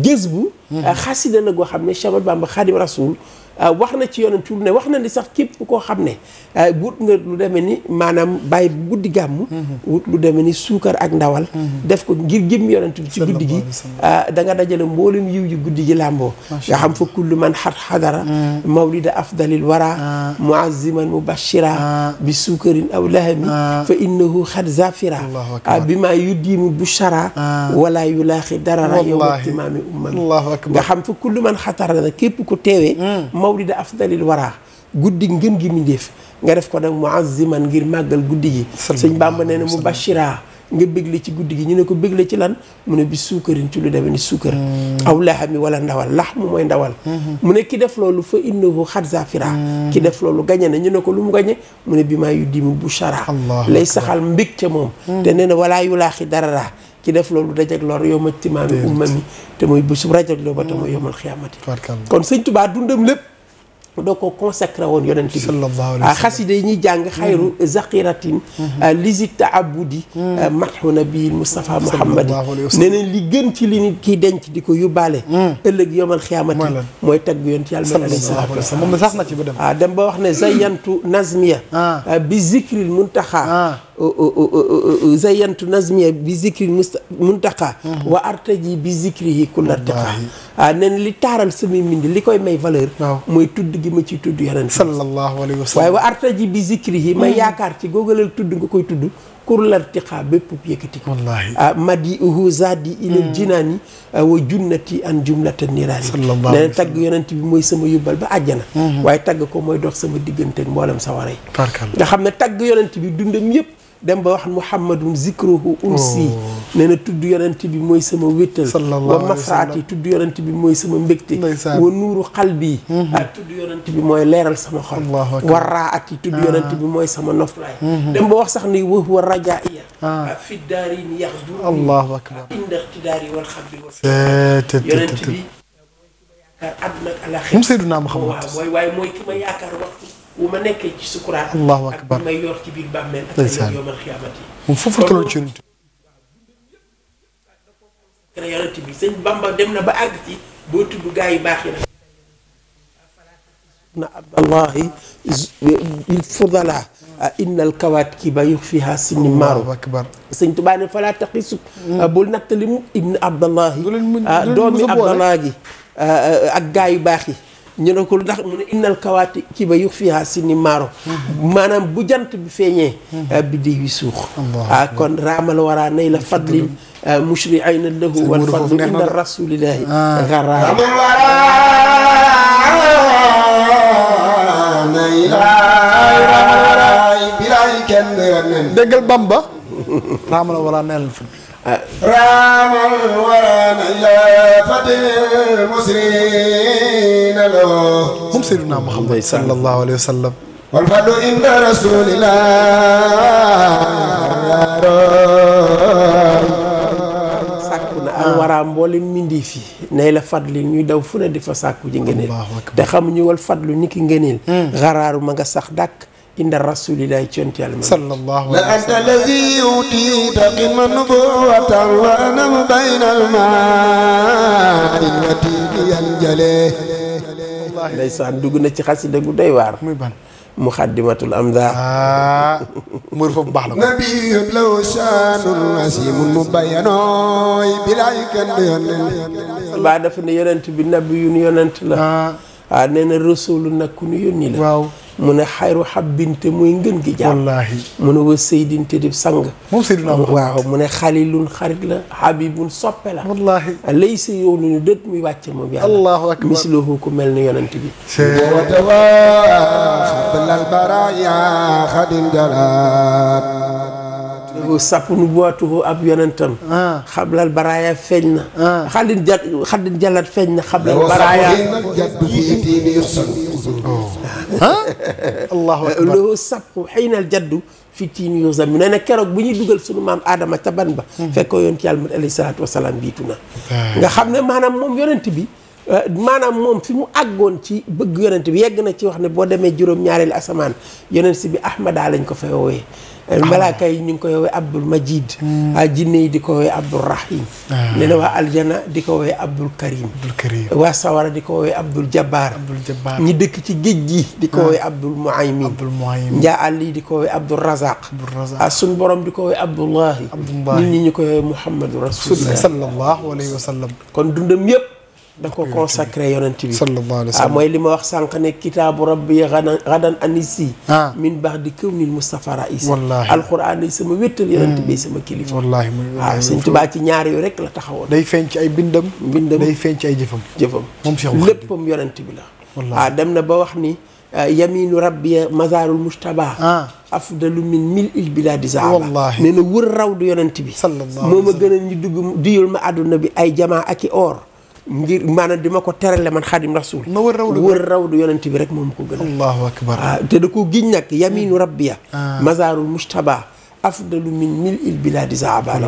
gës bu mhm. xasida la goo xam ne Cheikh Bamba Xaadim Rasoul Euh, wax na ci yonentu ne wax na ni sax képp koo xam ne euh, wut nga lu demee ni maanaam bàyyi bu guddi gàmm wut lu demee ni suukar ak ndawal def ko ngir jëm yonentu ci guddi gi euh, da dajale mboolem yiw ji guddi gi làmboo nga xam fa kullu man xat xadara mawlida afdalil wara muazziman mubashira bi suukarin aw lahami fa innahu xad zafira bi maa yuddimu bushara wala yulaaxi darara yow timaami ummami nga xam fa képp ko teewee hmm. mawlida afdalil wara guddi ngën gi mu ndéef nga def ko nag muazziman ngir màggal guddi gi sëñ Bàmba nee na mu bashira nga bégle ci guddi gi ñu ne ko bégle ci lan mu ne bi suukarin ci lu demee ni suukar hmm. aw laxami wala ndawal lax mu mooy ndawal hmm. mu ne ki def loolu fa innahu xat zafira hmm. ki def loolu gañe na ñu ne ko lu mu gañe mu ne bi maa yu dimu bu shara lay saxal mbég ca moom te nee na walaa yu laaxi dararaa ki def loolu dajak lor yow ma timaami umma mi te mooy bésub rajak loo ba te mooy yomal xiyaamati kon sëñ Tuubaa dundam lépp doo ko consacré woon yonent bi ah, xasida yi ñuy jàng xayru mm-hmm. zaqiratin mm-hmm. ah, lizik taabudi marhuna mm-hmm. ah, bi Mustafa Muhammadi nee nañ li gën ci li nit kiy denc di ko yóbbaale mm. ëllëg yomal xiyaamati mooy tag bu yonent yàlla alayhi salaatu wa salaam moom sax na ci ba dem ah dem ba wax ne zayantu nazmiya bi zikril muntaxa zayantu bi zikril muntaxa wa artaji bi zikrihi kulla tiqa ah nee li taaral sama mbind li koy may valeur mooy tudd gi ma ciy tudd yonent sallallahu alayhi wa sallam waaye wa artaji bi zikrihi ma hmm. yaakaar ci googalal tudd nga koy tudd la kurlartiqa bépp yëkkati ko wallaahi madi uhu zadi ilal hmm. jinaani ah, wa junnati an jumlata niraani sallallahu alayhi wa sallam tagg yonent bi mooy sama yóbbal ba àjjana hmm. waaye tagg ko mooy dox sama diggante ak mboolem sa waray nga xam ne tagg yonent bi dundam yëpp dem ba wax muhammadun zikruhu unsi oh. nee na tudd yonent bi mooy sama wéttal wa mafraati tudd yonent bi mooy sama mbégte wa nuuru xalbi mm-hmm. ak ah, tudd yonent bi mooy leeral sama xol ah. mooy sama noflaay mm-hmm. dem ba wax sax ni wa huwa rajaiya ah. fi daarin yaxdu allahu akbar Muhammad wu ma nekkee ci sukuraat. allahu akbar ak may yor ci biir bàmmeel ak ay yomal xiyaamat yi. foofu toll ci yonent bi. ba àgg ci boo tudd gaa yi baax yi nag. na abdallahi il fudala inna al kawaakiba yuxfiha taqisu hmm. bul nattali mu ibni doomi abdallah ak gaa yu baax yi ñu ne ko lu tax mu ne innal kawaati kii yux fiha si maaro maanaam bu jant bi feeñee hmm. biddi wi suux ah kon raamal waraa nay la ah, mushri ayna lahu wal fadlu inda rasulillahi ah. garaa nay déggal Bamba raamal waraa nay la [laughs] fadlin رام الورى إلى فتح مسرين له هم سيدنا محمد صلى الله عليه وسلم والفضل عند رسول الله alwara mboolem mbindee fi nay la fadli ñuy daw fu ne di fa sàkku ji ngëneel te xamuñu wal fadlu ni ki ngëneel hmm. xaraaru ma nga sax dàkk inda rasulillahi ci yonent yàlla sallallahu alayhi wa sallam anta lazi utiita qima nubuwatan wa anam bayna almaari wa tibi yanjale ndeysaan dugg na ci xasida gu doy waar muy ban muxaddimatul amda ah, mur foofu baax la nabiyun law shaanun asimun mubayyanooy bilaay kenn du yonent baa dafa ne yonent bi nabiyun yonent la waaw ah. ah, nee na rasulu nag ku nu yónni la mu ne xayru xabbinte muy ngën gi jaar mu ne wa seydinte di sang moom seydina waaw mu ne xalilun xarit la xabibun soppe la wallaahi laysa yow nu ñu dët muy wàcce moom yàlla allahu akbar mislahu ku mel ni yonent bi watawa balal baraya xadim jalab sàppnu buwatuhu ab yonentam ah. xablal baraaya feeñ na ah. xaddin ja xaddin jallat na xablal baraaya ah. allahu akbar loolu sàpp xëynal jaddu fi tiini yu sam nee na keroog bu ñuy dugal sunu maam aadama ca ban ba hmm. fekkoo yonent yàlla mat alayhi salaatu wasalaam biitu na nga xam ne maanaam moom yonent bi eh, maanaam moom fi mu àggoon ci bëgg yonent bi yegg na ci wax ne boo demee juróom-ñaareelu asamaan yonent si bi ahmada lañ ko fay woowee malaaka yi ñu ngi koy woowee Abdul Majid hmm. a jinne yi di ko woowee Abdul Rahim ah. nee na waa aljana di ko woowee Abdul Karim waa sawara di ko woowee Abdul Jabbar ñi dëkk ci géej gi di ko woowee ah. Abdul Muaymin njaa àll yi di ko woowee Abdul Razaq a borom di ko woowee Abdullahi nit ñi ñu koy woowee Muhammadu Rasulullah sa alayhi wa sallam kon dundam yëpp da ko consacré yonent bi sallallahu alayhi wa ah, mooy li ma wax sànq ne kitaabu rabbi xadan xadan anisi ah. min baax di këw nil Moustapha Raïs wallaahi alxuraan yi sama wéttal yonent bi mm. sama kilifa wallaahi ah, waaw Sëñ Tuubaa rek la taxawoon day feeñ ci ay bindam bindam day feeñ ci ay jëfam jëfam moom Cheikh léppam yonent bi la waaw dem na ba wax ni yaminu rabbi mazarul mujtaba afdalu min mil il biladi zaaba wallaahi nee na wër raw du yonent bi sallallahu moo ma gën a ñu dugg duyul ma àdduna bi ay jamaa ak i oor ngir maanaam di ma ko terale man xaadim rasul ma wër rawdu wër rawdu bi rek moom ko gën allahu akbar ah, te da ko giñ nag yaminu hmm. rabbiya ah. mazarul mustaba afdalu min mil il biladi zaabala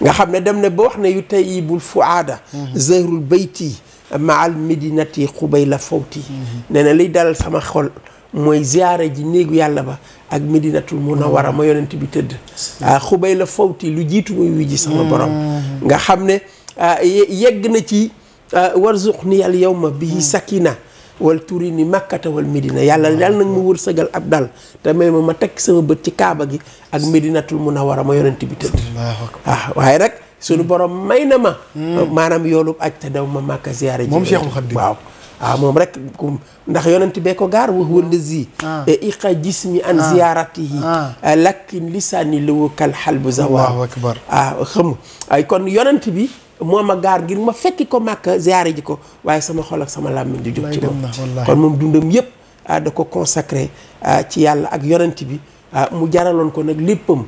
nga xam ne dem ne ba wax ne yu tayibul fuaada hmm. zahrul bayti maal medinati xubayla fawti hmm. nee na li dalal sama xol mooy ziyaare ji néegu yàlla ba ak medinatul munawara ma yonent bi tëdd xubay ah, la fawti lu jiitu muy wiji sama borom nga xam ne Ah, yegg na ci ah, warzuqni al yawma bihi hmm. sakina wal turi ni makkata wal médina yàlla yàlla nag ma wërsëgal ab dal te may ma ma tekk sama bët ci kaaba gi ak médinatul munawwara ma yonent bi tëdd ah, waaye nag suñu hmm. borom may na ma hmm. maanaam yoolub aj te ma màkka ziyaare ji moom Cheikhul waaw waaw moom rek ndax yonent bee ko gaar wax wëllëzi e, iqa jismi an ziyaaratihi lakkin lisaani lawu kal xal bu zawaa waaw xam ay kon yonent bi moo ma gaar ngir ma fekki ko màkk ziyaare ji ko waaye sama xol ak sama làmmiñ di jóg ci moom kon moom dundam yëpp ah, da ko consacré ah, ci yàlla ak yonent bi ah, mu jaraloon ko nag léppam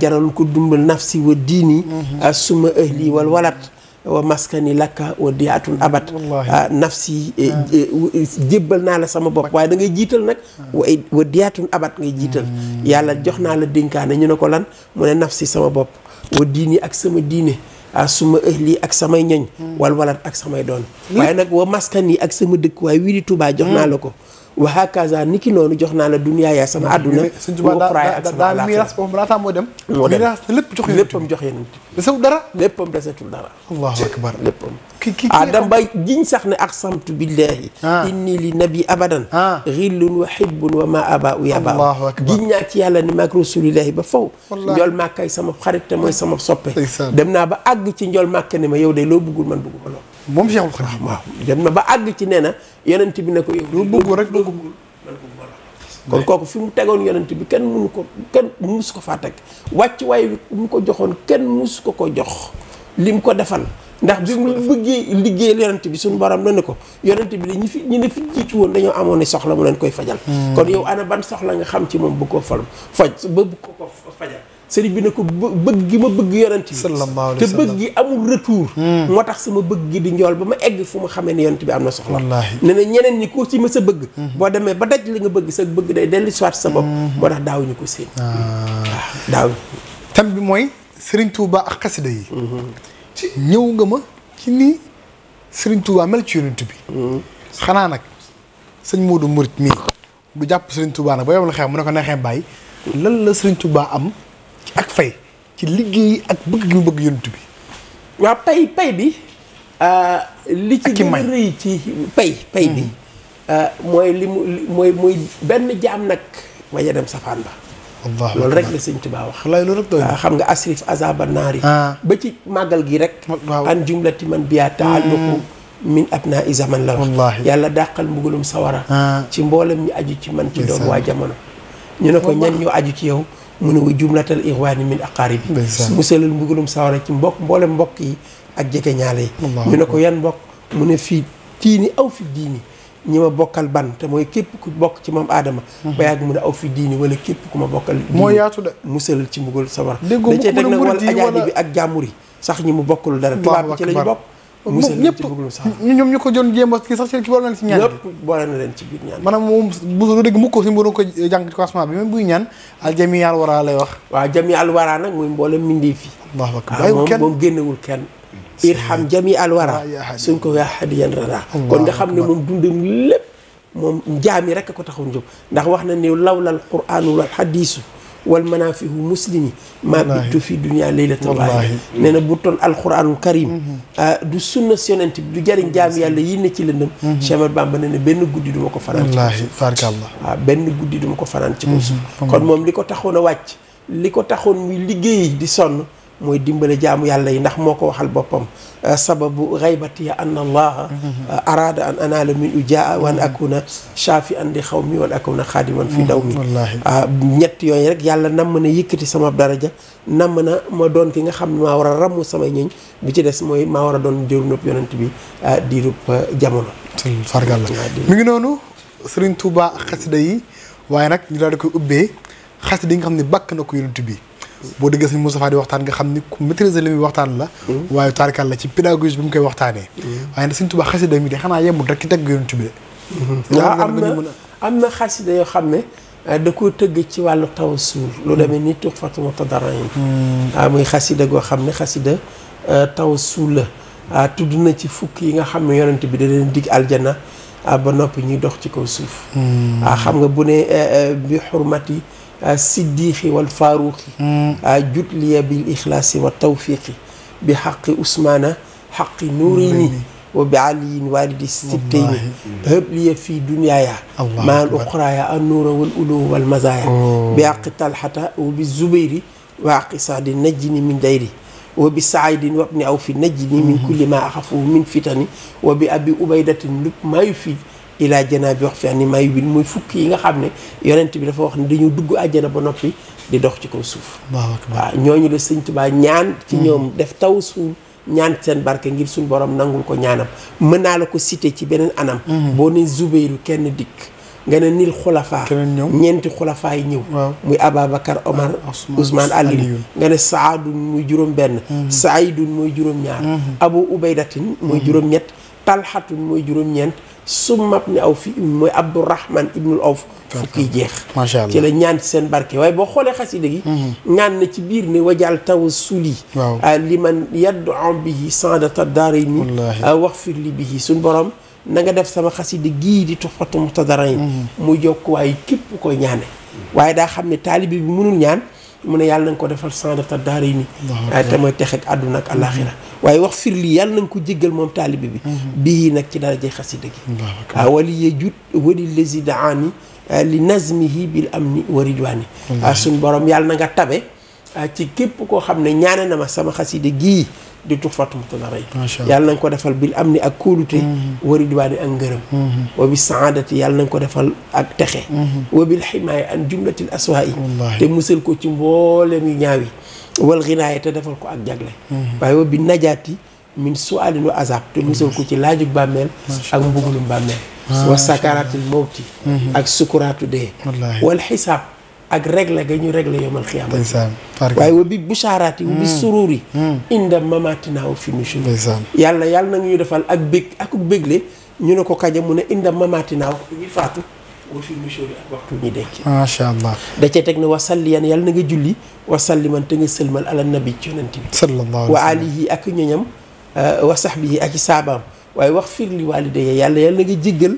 jaraloon ko dundal nafsi wa diini mhm. suma ahli wal walat wa maskani lakka wa diyaatun abat nafsi eh, eh, eh, jébbal naa la sama bopp waaye da ngay jiital nag wa diyaatun abat ngay jiital hmm. yàlla jox naa la dénkaane ñu ne ko lan mu ne nafsi sama bopp wa diini ak sama diine Ah, su ma ëhli ak samay ñoñ. Hmm. walwalat ak samay doon. Hmm. waaye nag wa maskan yi ak sama dëkk waaye wii di jox naa la ko. wa hakaza ni ki noonu jox naa la dunya yaa sama àdduna wa uxraa ak sama laaxira miiras boobu laataa moo dem moo dem miiras lépp jox léppam jox yeneen desew dara léppam desetul dara allahu akbar léppam adam bay jiñ sax ne aqsamtu billahi ah. inni li nabi abadan xillun ah. wa xibbun wa ma aba u yaba giñ naa ci yàlla ni maag rasulillahi ba faw njol màkkay sama xarit te mooy sama soppe dem naa ba àgg ci njol màkk ne ma yow de loo bëggul man bëgguma lool moom Cheikhul Khadim ah, waaw dem na ba àgg ci nee na yonent bi ne ko yow. lu bëgg rek bëgg kon kooku fi mu tegoon yenent bi kenn mënu ko kenn mësu ko faa teg wàcc waay wi mu ko joxoon kenn mësu ko ko jox lim ko defal ndax bi mu bëggee liggéeyal yonent bi suñu borom la ne ko yenent bi la ñi fi ñi ne fi jiitu woon dañoo amoon soxla mu leen koy fajal hmm. kon yow ana ban soxla nga xam ci moom bëgg ko fal faj bëgg ko ko fajal sëriñ bi ne ko bëgg gi ma bëgg yonent bi te bëgg gi amul retour hmm. moo tax sama bëgg gi di njool ba ma egg fu ma xamee ne yonent bi am na soxla ne na ñeneen ñi ko ci ma sa bëgg hmm. boo demee ba daj li nga bëgg sa bëgg day dellu soit sa bopp hmm. daawuñu ko seen ah. Ah, bi mooy sëriñ Touba ak xasida yi ñëw nga ma ci nii sëriñ bi xanaa nag sëñ Modou Murit mii du jàpp sëriñ Touba nag ba yow la xew mu ne ko neexee bàyyi lan la sëriñ Touba am ak fay ci liggéey ak bëgg gi mu bëgg yonent bi waaw pay pay bi euh, li ci gën a rëy ci pay pay bi mm-hmm. euh, mooy li mu mooy mooy benn jaam nag bañ a dem safaan ba loolu rek la sëñ Tuubaa wax lay loolu rek xam nga asrif azaba naari ah. ba ci màggal gi rek an jumlati man biya taalluqu mm-hmm. min abna i zaman la wax yàlla dàqal mbugalum sawara ah. ci mboolem ñu aju ci man ci doon waa jamono ñu ne ko ñan ñu aju ci yow mu ne wa jumlatal ixwaani min aqaari bi musalal mbugalum sawara ci mbokk mboolem mbokk yi ak jege ñaale yi ñu ne ko yan mbokk mu ne fii tiini aw fi diini ñi ma bokkal ban te mooy képp ku bokk ci ma aadama mhm. ba yàgg mu ne aw fi diini wala képp ku ma bokkal moo yaatu de musalal ci mbugal sawara da cee teg nag wala ajaani bi ak jàmbur yi sax ñi mu bokkul dara tubaab ci lañu bokk musal ñëpp ñu ñoom ñu ko doon jéem a kii sax ci boole na ci ñaan ñëpp boole na leen ci biir ñaan maanaam moom bu dégg mukk si mbooloo ko jàng ci classement bi même buy ñaan al jami al wara lay wax waaw jami al wara nag muy mboolem mindii fi Allahu akbar ah, moom génnewul kenn irham jami al wara suñ ko yaa hadiyan kon nga xam ne moom dundam lépp moom njaam yi rek ko taxaw jóg ndax wax na ne lawlal qur'aanu wal hadiisu wal manaafihu muslimi maa bittu fi dunia laylatan waaxida nee na bu toon alquranul karim mm-hmm. ah, du sunna si bi du jëriñ jaam yàlla yi ne ci lëndëm mm-hmm. Cheikh Ahmadou Bamba ne na benn guddi du ko fanaan ci farkallah ah, benn guddi du ko fanaan ci mm-hmm. kon moom li ko taxoon a wàcc li ko taxoon muy liggéey di sonn mooy dimbale jaamu yàlla yi ndax moo ko waxal boppam euh, sababu xaybati ya anna allaha euh, araada an anaala min ujaa wa an akuna shaafi an li xaw mi wa an akuna xaadiman fi daw mi mm-hmm. euh, ñett yooyu rek yàlla namm na yëkkati sama daraja namm na ma doon ki nga xam maa war a ramm samay ñëñ bi ci des mooy maa war a doon diirub yonent bi diirub jamono fargal la mi ngi noonu waaye nag ñu daal di koy ubbee xasida yi nga xam ne bàkk na ko yonent bi boo déggee sëñ Moustapha di waxtaan nga xam ni ku maîtriser li muy waxtaan la mm-hmm. waaye taarkal la ci pédagogie bi mu koy waxtaanee mm-hmm. waaye nag sëñ Tuubaa xasida mi de xanaa yemul rek ci teg yonent bi de waaw mm-hmm. am na am na xasida yoo xam ne eh, da koo tëgg ci wàllu tawassul lu demee ni tuux fatuma tadarayin waaw ah, muy xasida goo xam ne xasida eh, tawassul la ah tudd na ci fukk yi nga xam ne yonent bi da leen dig aljana ah, ba noppi ñuy dox ci kaw suuf. ah xam nga bu ne eh, bi xurmati siddiqi wal faaruqi hmm. jutliya bil ixlaasi wa tawfiqi bi xaqi usmaana xaqi nuurini wa bi aliyin walidi sibtayni hëbliya fii dunyaaya maa al uxraaya an nuura wal uloo wal mazaaya oh. bi xaqi talxata wa bi zubayri wa xaqi saadi najjini min dayri wa bi saaydin wabni aw fi najjini min hmm. kulli maa axafuhu min fitani wa bi abi ubaydatin lub maayu fii ilaa janaa bi wax fi ni may win muy fukk yi nga xam ne yonent bi dafa wax ne dañu dugg àjjana ba noppi di dox ci kaw suuf waaw ñooñu la sëñ Tuubaa ñaan ci hmm. ñoom def taw suul ñaan seen barke ngir suñ borom nangul ko ñaanam mën naa la ko cité ci beneen anam hmm. boo ne Zubeyru kenn dikk nga ne nil xulafaa ñeenti xulafaa yi ñëw muy Ababacar Omar ah, Ousmane Aliou nga ne Saadun muy juróom benn hmm. Saïdun muy juróom ñaar Abu Ubaydatin muy juróom ñett Talhatun sumab ni aw fi mooy abdourahman ibnul awf fukki jeex macha allah ci la ñaan seen barke waaye boo xoolee xasida gi mhm. ñaan na ci biir ni ne wajal tawassuli ah, liman yaddu bihi sandata daara ni wax ah, fir li bihi suñ borom na nga def sama xasida gii di tuxfatu muxtadarayn mhm. mu jokkuwaay képp ko ñaane waaye daa xam ne taalibe bi mënul ñaan mu ne yàlla na nga ko defal sandata daari ni waaye te mooy texe ak àdduna ak àllaaxira mm-hmm. waaye wax firli yàlla na nga ko jéggal moom taalibe bi mm-hmm. bii nag ci daraje xasida gi waaw wali ye li wali lesi daani li nazmihi bil amni wa ridwani suñ borom yàlla na nga tabe Euh, ci képp koo xam ne ñaane na ma sama xaside gii di tux fatum tanaray yàlla na nga ko defal bil am ni ak kóolute mm-hmm. wari diwaani ak ngërëm mm-hmm. wa bi saadati yàlla nañ ko defal ak texe mm-hmm. wa bil ximaaya an jumlatil aswaa yi te musal ko ci mboolem yu ñaaw yi wal xinaaya te defal ko ak jagle waaye bi najaati min sualin wa azab te musal ko ci laajug bàmmeel ak mbugulum bàmmeel wa sakaratil mawti ak sukuraatu dee wal xisaab ak régler ga ñu régler yomal xiyaama waaye wa bi bushaaraat yi wa bi hmm. suruur yi hmm. inda mamatina wa fi nushur yàlla yàlla na ñu defal ak bég ak bégle ñu ne ko kaja mu ne inda mamatina waxtu ñu faatu wa fi nushur yi ak waxtu ñu denc macha allah da cee teg ne wa salliyan yàlla na nga julli wa salliman te nga sëlmal ala nabi ci yonent bi sallallahu wa alihi ak ñoñam euh, wa bi ak i saabaam waaye wax fir li waalidayya yàlla yàlla na nga jéggal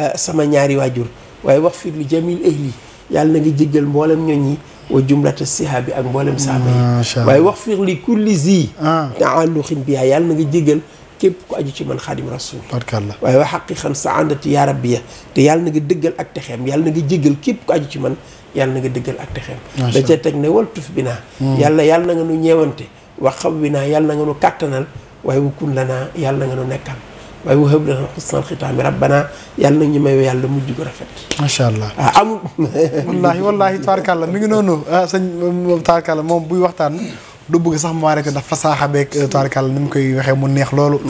euh, sama ñaari waajur waaye wax fir jamil ahli yàlla na nga jéggal mboolem ñoñ yi wa jumlata siha bi ak mboolem saaba yi waaye wax fiir li kulli zi ah. taalluxin biha yàlla na nga jéggal képp ku aju ci man xaadim rasul barkallah waaye wa xaqiqan saandati yaa rabbiya te yàlla na nga dëggal ak texeem yàlla na nga jéggal képp ku aju ci man yàlla na nga dëggal ak texeem da ca teg ne wal tuf bi naa hmm. yàlla yàlla na nga nu ñeewante wax xam bi naa yàlla na nga nu kàttanal waaye wukkun la naa yàlla na nga nu nekkal waaye wahab lana xusnal xitaami rabbana yàlla nag ñu may yàlla mujj gu rafet. macha allah ah amul. [laughs] wallaahi wallaahi taarkàlla mi ngi noonu ah sëñ moom taarkàlla moom buy waxtaan. du bëgg sax mu arrêté ndax fasaaxa beeg euh, taarkàlla ni mu koy waxee mu neex loolu.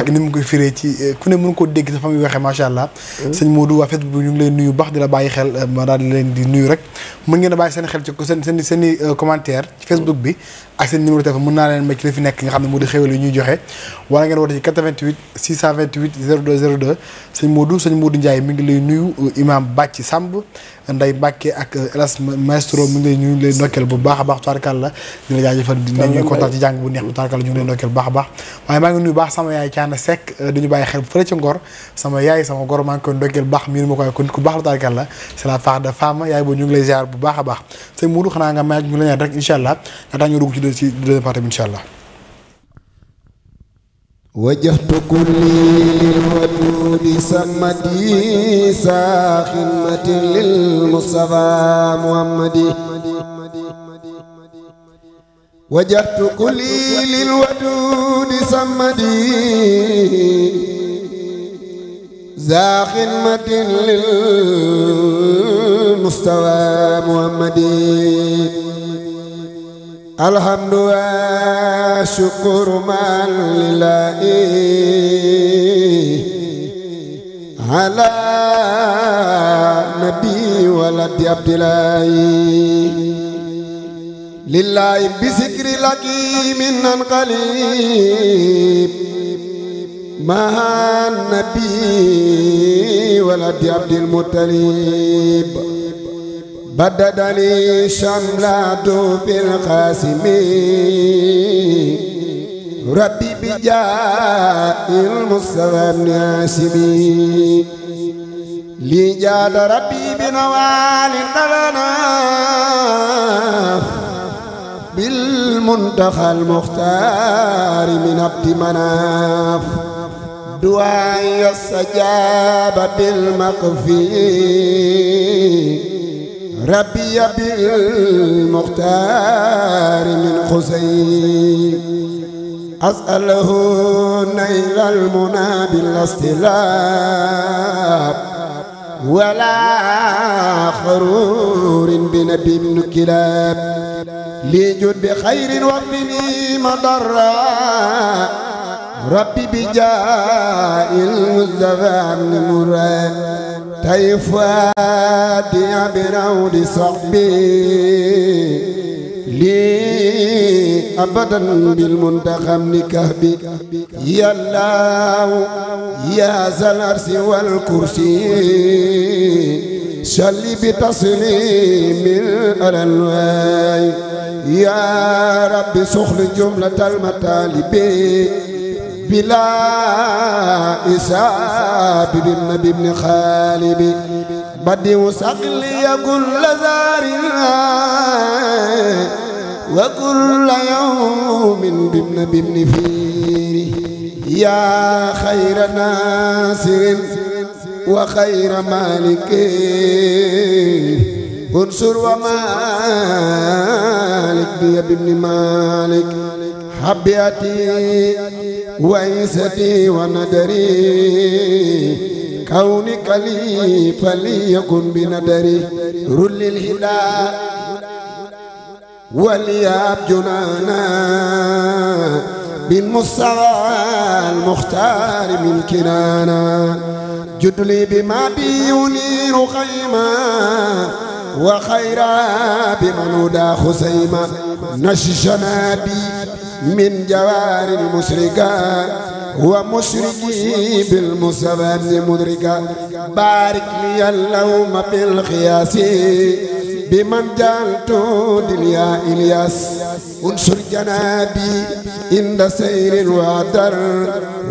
ak ni mu koy firee ci euh, ku ne mën koo dégg te fa muy waxee macha allah. Hmm. sëñ Modou waa Facebook bi ñu ngi lay nuyu baax di la bàyyi xel euh, ma daal di leen di nuyu rek. mën ngeen a bàyyi seen xel ci seen seen i seen i commentaire ci bi. ak seen numéro téléphone mën naa leen ma ci la fi nekk nga xam ne moo di xéwal yi ñuy joxe wala ngeen woote ci 88 628 02 02 sëñ Modou sëñ Modou Ndiaye mi ngi lay nuyu imam Bàcc Samb Ndeye Mbacke ak elas maestro mi ngi lay ndokkeel bu baax a baax tubaarkal la di la jaajëfal nañuy ci jàng bu neex bu tubaarkal la ñu ngi lay ndokkeel bu baax a baax waaye maa ngi nuyu baax sama yaay Caana Seck euh, dañu bàyyi xel bu de ci deuxième partie bi incha allah. wajjahtu kulli lil waduudi samadi saa xidmatin lil Mustafaa Muhammadi wajjahtu kulli lil waduudi samadi saa xidmatin lil Mustafaa Muhammadi الحمد والشكر من لله على نبي ولد عبد الله لله بذكر لك من انقليب مع النبي ولد عبد المطلب بدد لي شملات بالقاسم ربي بجاء المصطفى بن هاشم لي جاد ربي بنوال دلنا بالمنتخى المختار من عبد مناف دعاء السجاب بالمقفي ربي بالمختار من حسين أسأله نيل المنى بالاستلاب ولا خرور بنبي من كلاب ليجد بخير وابني مضرا ربي بجاء المزدفى من مراد tey faadi abi raw di sox bi lii abadan bil muntaxam ni kax bi yallaaw yaa zal arsi wal kursi salli bi tasliimil alalwaay yaa rabbi soxli jumlatal mataalibi بلا إساب بن بن خالب بدي وسقل يقول زارنا وكل يوم بن بن فيري يا خير ناصر وخير مالك انصر ومالك بي بن مالك حبيتي وعيستي وندري كونك لي فليكن بندري رل الهدى ولياب جنانا بالمصطفى المختار من كنانا جد لي بما بينير خيما وخيرا بمن هدى خسيما نششنا بي من جوار المسرقات ومشرقي بالمصطفى ابن مدركا بارك لي اللهم بالخياس بمن جعلت دنيا إلياس انصر جنابي عند سير وعدر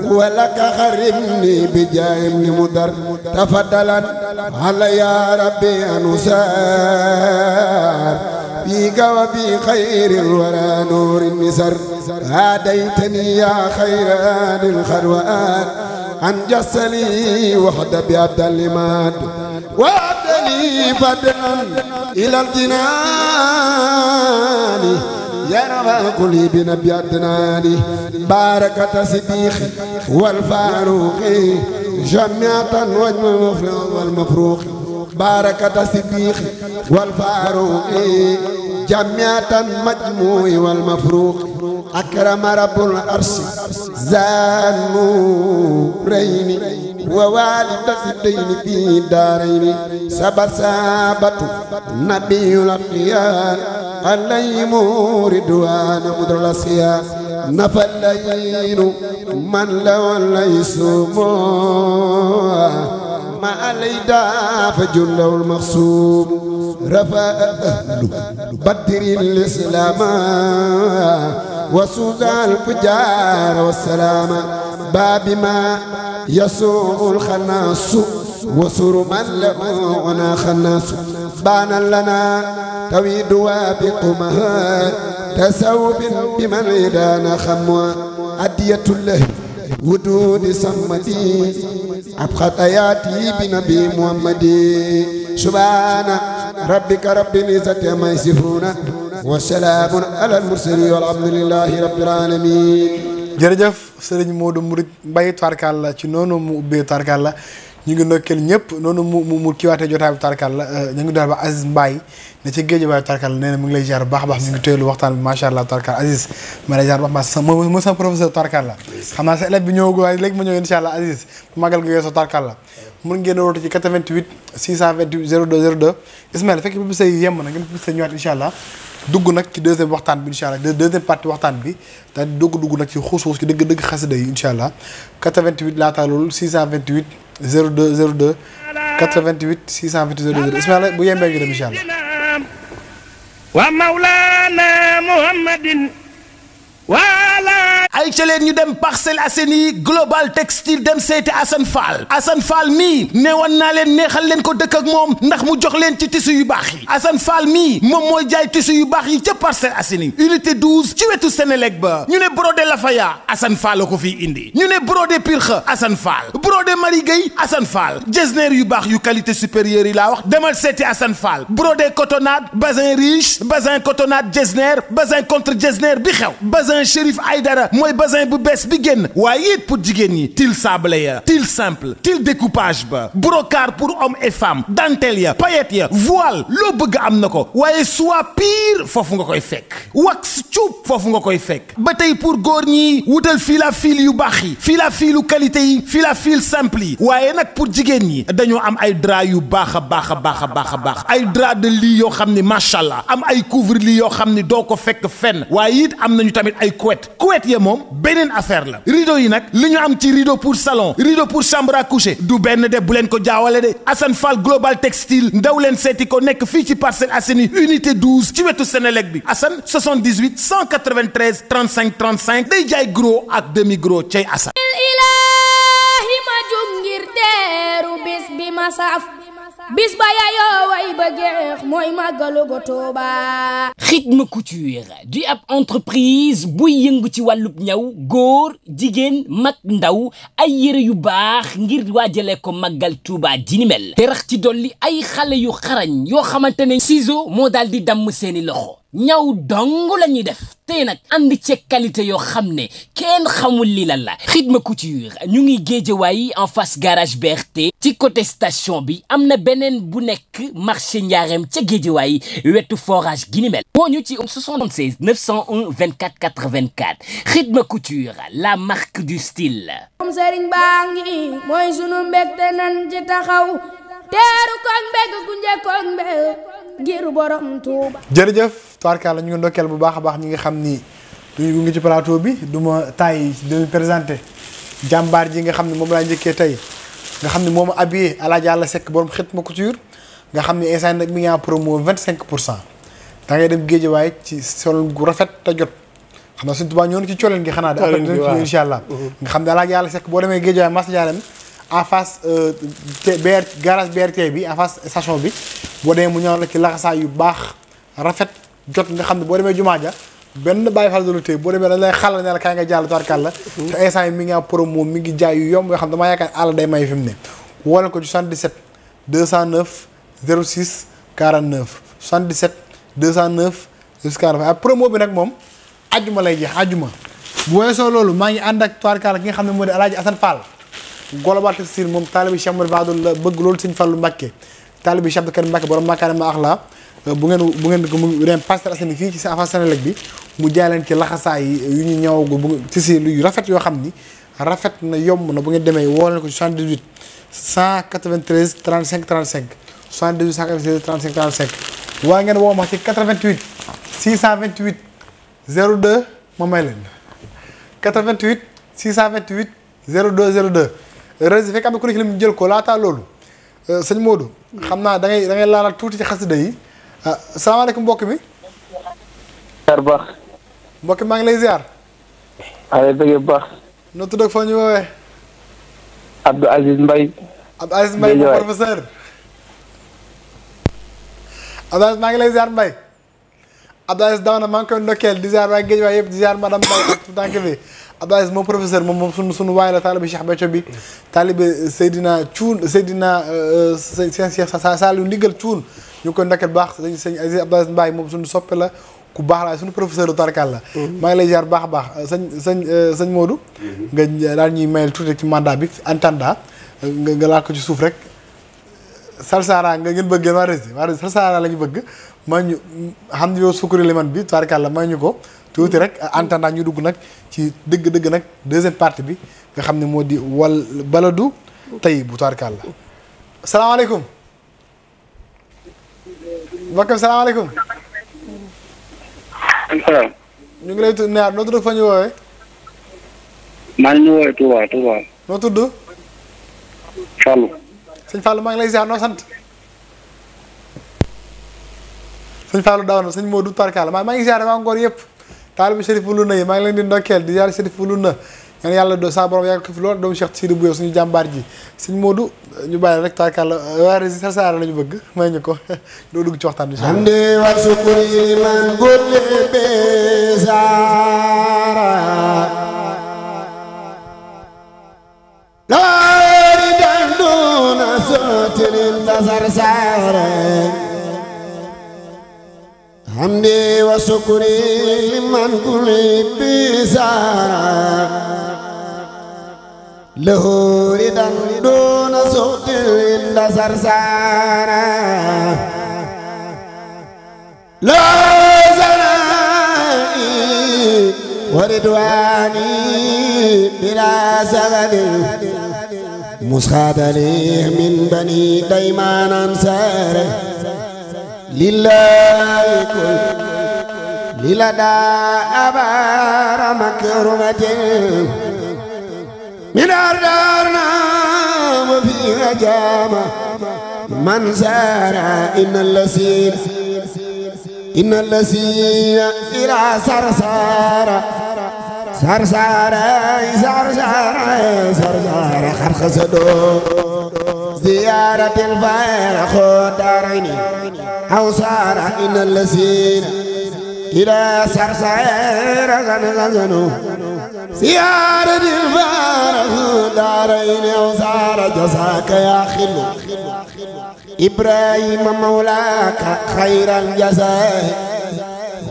ولك خرمني بجاه ابن مدر تفضلا على يا ربي أنصار فيك وفي خير الورى نور النسر هاديتني يا خير آل الخلوان أنجزت لي وحد بعبد الإماد وعبد لي فدلا إلى الجنان يا رب كل بنبي أدناني باركة صديق والفاروق جميعا وجه المفروق والمفروق barakata sidiqi wal faaruqi jamiatan majmuu'i wal mafruuqi akrama rabbul arsi zaan nuurayni wa waalidatayni fi daarayni sabat saabatu nabiyul aqyaar alayhim ridwaan mudral asyaa nafa laynu man law laysu moo ما ليدا فجل المخصوم رفع بدر الإسلام وسوزا الفجار والسلام باب ما يسوع الخناس وسر من لنا خناس بانا لنا تويد وابقمها تسوب بمن إذا نخم أدية الله ودود صمتي أبخط آياتي بنبي محمد سبحان ربك رب العزة عما يصفون وسلام على المرسلين والحمد لله رب العالمين jërëjëf sëriñ Modou Mouride Mbaye Tarkalla ci noonu mu ubbee Tarkalla ñu ngi ndokkeel ñëpp noonu mu mu mu kiiwaatee jotaay bu tarkal la euh, ñu ngi daal ba Aziz Mbaye ne ca géej waaye tarkal nee na mu ngi lay ziar bu baax baax mi ngi teelu waxtaan bi macha allah tarkal Aziz ma lay ziar bu baax ma mo sama professeur la xam naa sa élève bi ñëwagul waaye léegi ma ñëw incha allah ngeen woote ci 88 628 02 02 Ismaël fekk publicité yi yemb na ngeen publicité ñëwaat incha allah dugg nag ci deuxième waxtaan bi incha allah deuxième 02 02 88 628 02 Ismaila bu yembee ñu dem incha allah. wa mawlaana muhammadin ay cëleen ñu dem Parcelles Assainies Global Textile dem seeti Assane Fall Assane Fall mii ne woon naa leen neexal leen ko dëkk ak moom ndax mu jox leen ci tissu yu baax yi Assane Fall mii moom mooy jaay tissu yu baax yi ca Parcelles Assainies unité 12 ci wetu Sénélec ba ñu ne brodé Lafaya Assane Fall ko fii indi ñu ne brodé Pirxa Assane Fall brodé Marie Gueye Assane Fall jesner yu baax yu qualité supérieure yi laa wax demal seeti Assane Fall brodé cotonnade basin riche bazin cotonnade jesner bazin contre jesner bi xew bazin Chérif Aïdara mooy bazin bu bees bi génn waaye it pour jigéen ñi til sable ya til simple til découpage ba brocart pour hommes et femmes dentelle ya paillettes ya voile loo bëgg am na ko waaye soie pire foofu nga koy fekk wax cuub foofu nga koy fekk ba tey pour góor ñi wutal fil à fil yu baax yi fil à filu qualité yi fil à fil simple yi waaye nag pour jigéen ñi dañoo am ay drap yu baax a baax a baax a baax a baax ay dra de lit yoo xam ni macha allah am ay couvre yoo xam ni doo ay couette couette ya moom beneen affaire la rideau yi nag li ñu am ci rideau pour salon rideau pour chambre à coucher du benn de bu leen ko jaawale de Assane Fall global textile ndaw leen seeti ko nekk fii ci Parcelles Assainies unité 12 ci wetu Sénélec bi Assane 78 193 35 35 day jaay gros ak demi gros cay Assane. ilaahi ma jug ngir teeru bis bi ma saaf. bis ba yaayoo way ba geex mooy màggalu ko Tuuba. Rythme Couture di ab entreprise buy yëngu ci wàllub ñaw góor jigéen mag ndaw ay yére yu baax ngir waajale ko màggal Tuuba ji ni mel te rax ci dolli ay xale yu xarañ yoo xamante ne ciseau moo daal di damm seeni loxo. ñaw dong la ñuy def tey nag ànd ci qualité yoo xam ne kenn xamul li lan la rythme couture ñu ngi géejewaay en face garage BRT ci côté station bi am na beneen bu nekk marché njaareem ca géejewaay wetu forage gi ni mel ñu ci 76 901 24 84 rythme couture la marque du style moom sëriñ baa ngi mooy sunu mbégte nan ci taxaw teeru ko mbég gu njëkkoog mbég ngir borom Touba. jërëjëf tubaarkàlla ñu ngi ndokkeel bu baax a baax ñi ngi xam ni duñu ngi ci palaato bi du ma taay dama présenté jàmbaar ji nga xam ne moom laa njëkkee tey nga xam ni moom habillé Alaaji Alla Seck borom Xitma Couture nga xam ni instant nag mi ngi en promo 25 pour cent da ngay dem Géejawaay ci sol gu rafet te jot. xam naa suñ tubaab ñoo ci coleen gi xanaa. coleen gi waaw da nga xam ne Alaaji Alla Seck boo demee Géejawaay Massa Diallo en face euh, te BR garage BRT bi en face station bi boo demee mu ñëw la ci laxasaay yu baax rafet jot nga xam ne boo demee jumaa a benn bàyyi fal dolu tey boo demee dañ lay xàllal ne la kaa nga jàll tarkal la te instant yi mi ngi promo mi ngi jaay yu yomb yoo xam damaa yaakaar àll day may fi mu ne woo leen ko ci 77 209 06 49 77 209 06 49 ak promo bi nag moom ajuma lay jeex ajuma bu weesoo loolu maa ngi ànd ak tarkal ki nga xam ne moo di Alaaji Goloba Textile moom taalibi Cheikh Mouhamed Fadel la bëgg loolu sëñ Fallou Mbacké taalibi Cheikh Abdou Karim Mbacké borom Makaari ma axlaa bu ngeen bu ngeen ko mu dem Parcelles Assainies fii ci sa affaire Sénélec bi mu jaay leen ci laxasaay yu ñu ñëwagu bu ci si lu rafet yoo xam ni rafet na yomb na bu ngeen demee woo leen ko 78 193 35 35 78 193 35 35 waaye ngeen woo ma ci 88 628 02 ma may leen 88 628 02 02 rëdd fekk am ku nekk li mu jël ko laataa loolu euh, sëñ Modou xam naa da ngay laa ngay tuuti ci xasida a ah euh, salaamaaleykum mbokk mi. mbokki maa ngi lay ziar. allé bëgg bu baax. noo tudd ak foo ñu Aziz Mbaye. Abdou Aziz Mbaye moom professeur. Abdou Aziz maa ngi lay ziar Mbaye. Abdou Aziz daw maa ngi koy ndokkeel di ziar waa Géej waaye di ziar madame Mbaye ak tànk bi. Abdoulaye Aziz moom professeur moom moom sunu sunu waay la taalibe Cheikh Béthio bi taalibe Seydina Thioune Seydina euh, seen Cheikh Saliou Ndigal Thioune ñu ngi koy ndakkat baax sëñ sëñ Aziz Abdoulaye Aziz Mbaye moom sunu soppe la ku baax laa sunu professeur lu tarkal la mhm. maa ngi lay jaar a baax euh, sëñ sëñ euh, sëñ Modou mhm. nga daal ñuy mayel tuuti ci mandat bi antanda nga nga laal ko ci suuf rek salsara nga ngeen bëgg waa Rési waa Rési la ñu bëgg maa ñu xam ne yow sukkuri liman ñu ko tuuti rek en attendant ñu dugg nag ci dëgg-dëgg nag deuxième partie bi nga xam ne moo di wal baladu tey bu taarkaal la salaamaaleykum mbokkam salaamaaleykum ñu ngi lay tudd naar noo tudd fa ñu woowee maa ngi tudd Fallou sëñ Fallou maa ngi lay ziar noo sant sëñ Fallou daaw na sëñ Modou Tarkala maa maa ngi ziar maa ngoor yëpp taalibu Chérif Wuluna yi maa ngi leen di ndokkeel di ziar Chérif Wuluna ngeen yàlla doo saa borom yàgg ko fi lool doomu Cheikh Sidi Bouye suñu jàmbaar ji sëñ Modou ñu bàyyi rek taakàlla waa Rési Sarsara lañu bëgg ñu ko [laughs] doo dugg ci waxtaan bi ande war حمدي وشكري لمن كل بزارة له ردا دون صوت إلا سرسارة لا زنائي وردواني بلا سغد مسخاد لي من بني ديمان أنصاره لله كل للدى أبار مكرمة من أردارنا وفيها جامة من سارع إن اللسين إن اللسين إلى سرسارة سرسارة سرسارة سرسارة خرخصدو زيارة الفائر خدرني أو سار إن الذين إلى سرسير غن غنو زيارة الفائر خدرني أو سار جزاك يا خلو إبراهيم مولاك خير الجزاء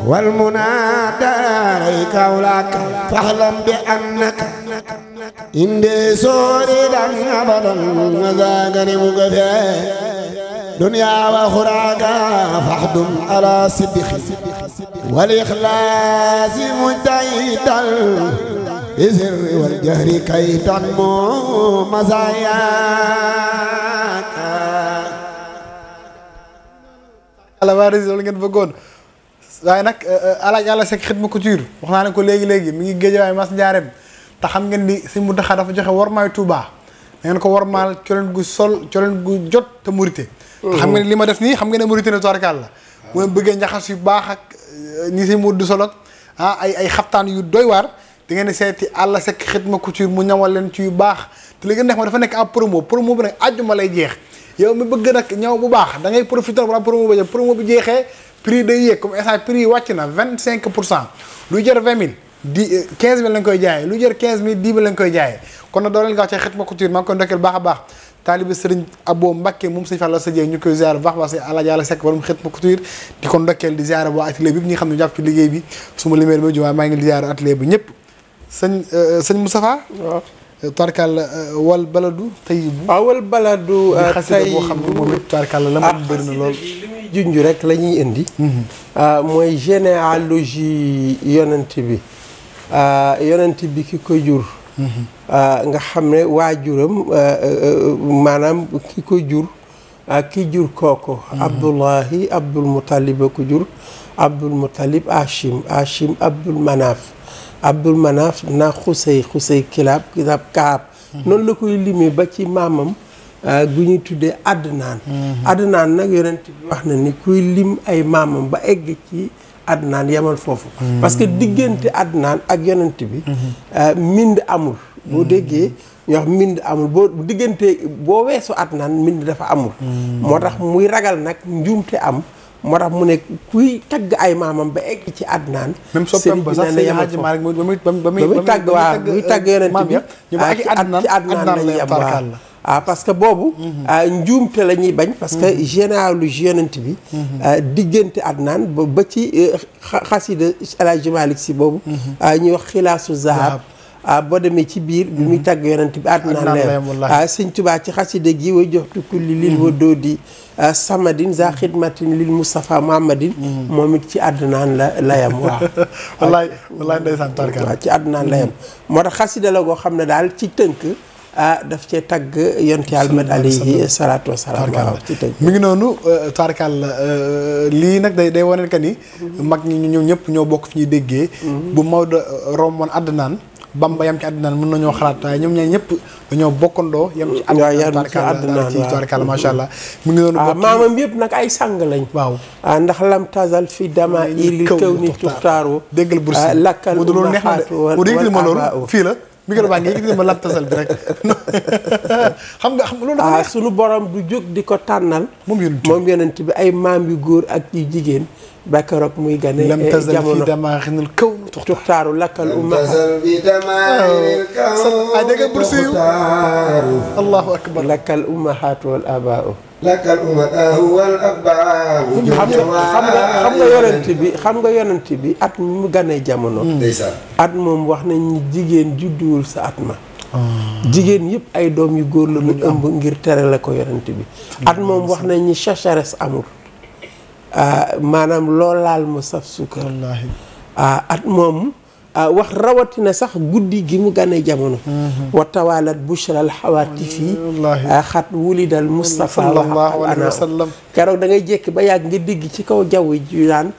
والمنى داريك أولاك فاعلم بأنك inde sooriɗan abadan agagani mugafe دنيا وخراك فاخدم على صدقي والإخلاص مجتهدا بسر والجهر كي تنمو مزاياك ala waa rési la ngeen bëggoon waaye nag alaaj àlla sekk xidma couture wax naa ne ko léegi-léegi mi ngi géej waaye mas njaareem te xam ngeen ni sëñ Muntaxa dafa joxe warmaay Touba na ngeen ko warmaal coleen gu sol coleen gu jot te murite te xam li ma def nii xam ngeen ne murite ne toirkal la mu bëggee njaxas yu baax ak eh, ni sëñ Moodu solot ah ay ay xaftaan yu doy waar da ngeen seeti àll sekk xitma couture mu ñawal leen ci yu baax li ngeen neex ma dafa nekk à promo promo bi nag àjjuma lay jeex yow mi bëgg nag ñaw bu baax da ngay profité wala promo ba jeex promo bi jeexee prix day yéeg comme instant prix yi wàcc na vingt cinq pour cent luy jar vingt mille di 15 eh, mille lañ koy jaayee lu jër 15 mille 10 mille lañ koy jaayee kon na doo leen gaaw ci Xidma Couture maa ngi koy ndokkeel baax a baax taalibe sëriñ Abo ñu koy ziar bu baax di ko ndokkeel di ziar boo atelier bi ñi nga xam ne jàpp ci liggéey bi su ma limee ba jumaa maa ngi di ziar atelier bi eh, eh, wal baladu tayyibu ah, waaw wal baladu ah, tayyibu xam ne moom it Tarkal la ma bëri na lool ah, junj rek la ñuy indi mhm. mooy généalogie yonent bi Euh, yonent bi ki koy jur euh, nga xam ne waa waajuram euh, maanaam ki koy jur ki jur kooku mhm. abdullahi abdul muttalib a ko jur abdul muttalib achim achim abdul manaaf abdul manaaf na xusey xusey kilaab kilaab kaab mhm. noonu la koy limi ba ci maamam gu ñuy tuddee adnaan mhm. adnaan nag yonent bi wax na ni kuy lim ay maamam ba egg ci Adnaan yemal foofu. Hmm. parce que diggante Adnaan ak yonent bi. Hmm. Hmm. Euh, mind amul. boo déggee ñu wax mind amul boo diggante boo weesu Adnaan mind dafa amul. moo tax muy ragal nag njuumte am. moo tax mu ne kuy tagg ay maamam ba egg ci Adnaan. même soppeeku ba sax Seydi Hadji Malick ba muy ba muy tagg waa muy tagg euh, yonent bi. ci Adnaan la yem ah parce que boobu. Mhm. Ah, njuumte la ñuy bañ. parce que mhm. généalogie yonent bi. Mhm. Ah, diggante Adnaan ba ba ci eh, xasida El Hadji Malick boobu. Ah, ñuy wax xilaasu zahab. boo demee ci biir bi muy tàgg yonent bi adnaan leem ah sëñ tubaa ci xasida gi way jox tukulli lil wa doodi samadin za xidmatin lil moustapha muhammadin moom it ci adnaan la layam waaw [laughs] wallaay wallaay ndeysaan tarkal waaw moo tax xasida la goo xam ne daal ci tënk ah daf cee tagg yonti yàlla Muhammad alayhi salaatu wasalaam waaw ci tëj mi ngi noonu euh, taarkaal euh, lii nag day day wane que ni mag ñi ñoom ñëpp ñoo bokk fi ñuy déggee mhm. bu Maodo euh, romboon àddinaan Bamba yam ci àddinaan mën nañoo xalaat waaye ñoom ñaar ñëpp dañoo bokkandoo yam ci àddinaan taarkaal ci taarkaal allah mi ngi noonu ah, bokk maamam yëpp nag ay sang lañ waaw ah, ndax lam tasal fi dama ili kaw ni tuxtaaru déggal bursi ah, lakkal mu du neex na de fii la micro baa ngi yëkkati ma lab tasal [laughs] nga xam loolu dafa ah, sunu borom du jóg di ko tànnal moom yonent bi ay maam yu góor ak yu jigéen ba muy gane jamono tuxtaaru lakkal umma a dégg bursiyu allahu akbar xam nga xam bi xam nga at moom wax nañ jigéen judduwul sa at ma ah. jigéen yëpp ay doom yu góor la mu mm. ëmb ngir tere la ko yonent bi mm. at moom wax nañ ni sécheresse amul Ah, maanaam loolaal mu saf suukar ah, at moom ah, wax rawatina sax guddi gi mu gane jamono mhm. wa tawaalat bushra al xawaatifi xat wulidal mustafa wa sallam keroog da ngay jékki ba yàgg nga dégg ci kaw jaww ji daan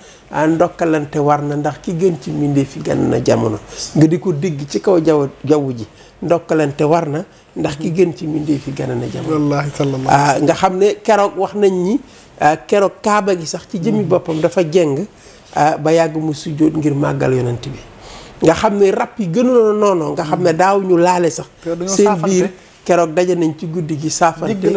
war na ndax ki gën ci mbindee fi na jamono di ko dégg ci kaw jaww jaww ji ndokkalante war na ndax ki gën ci mbindee fi gan na jamono nga xam ne keroog wax nañ ñi Euh, keroog kaaba gi sax ci jëmmi boppam dafa jeng euh, ba yàgg mu sujjóot ngir màggal yonent bi nga xam ne rab yi gënoon noonu nga xam ne daaw ñu laale sax seen biir keroog daje nañ ci guddi gi saafante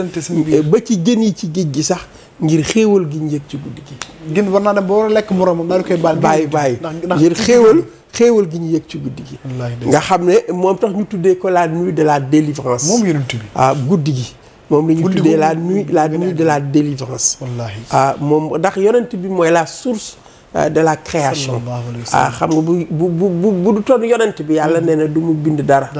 ba ci jën yi ci géej gi sax ngir xéewal gi njëg ci guddi gi naa dem ba lekk moroomam daal koy bàyyi bàyyi ngir xéewal xéewal gi ñu yëg ci guddi gi nga xam ne moom tax ñu tuddee ko la nuit de la délivrance moom bi ah, guddi gi moom la ñu tuddee la nuit la nuit de la délivrance ah, moom ndax yonent bi mooy la source euh, de la création ah, xam nga bu bu bu bu du toon yonent bi yàlla mm-hmm. nee na du mu bind dara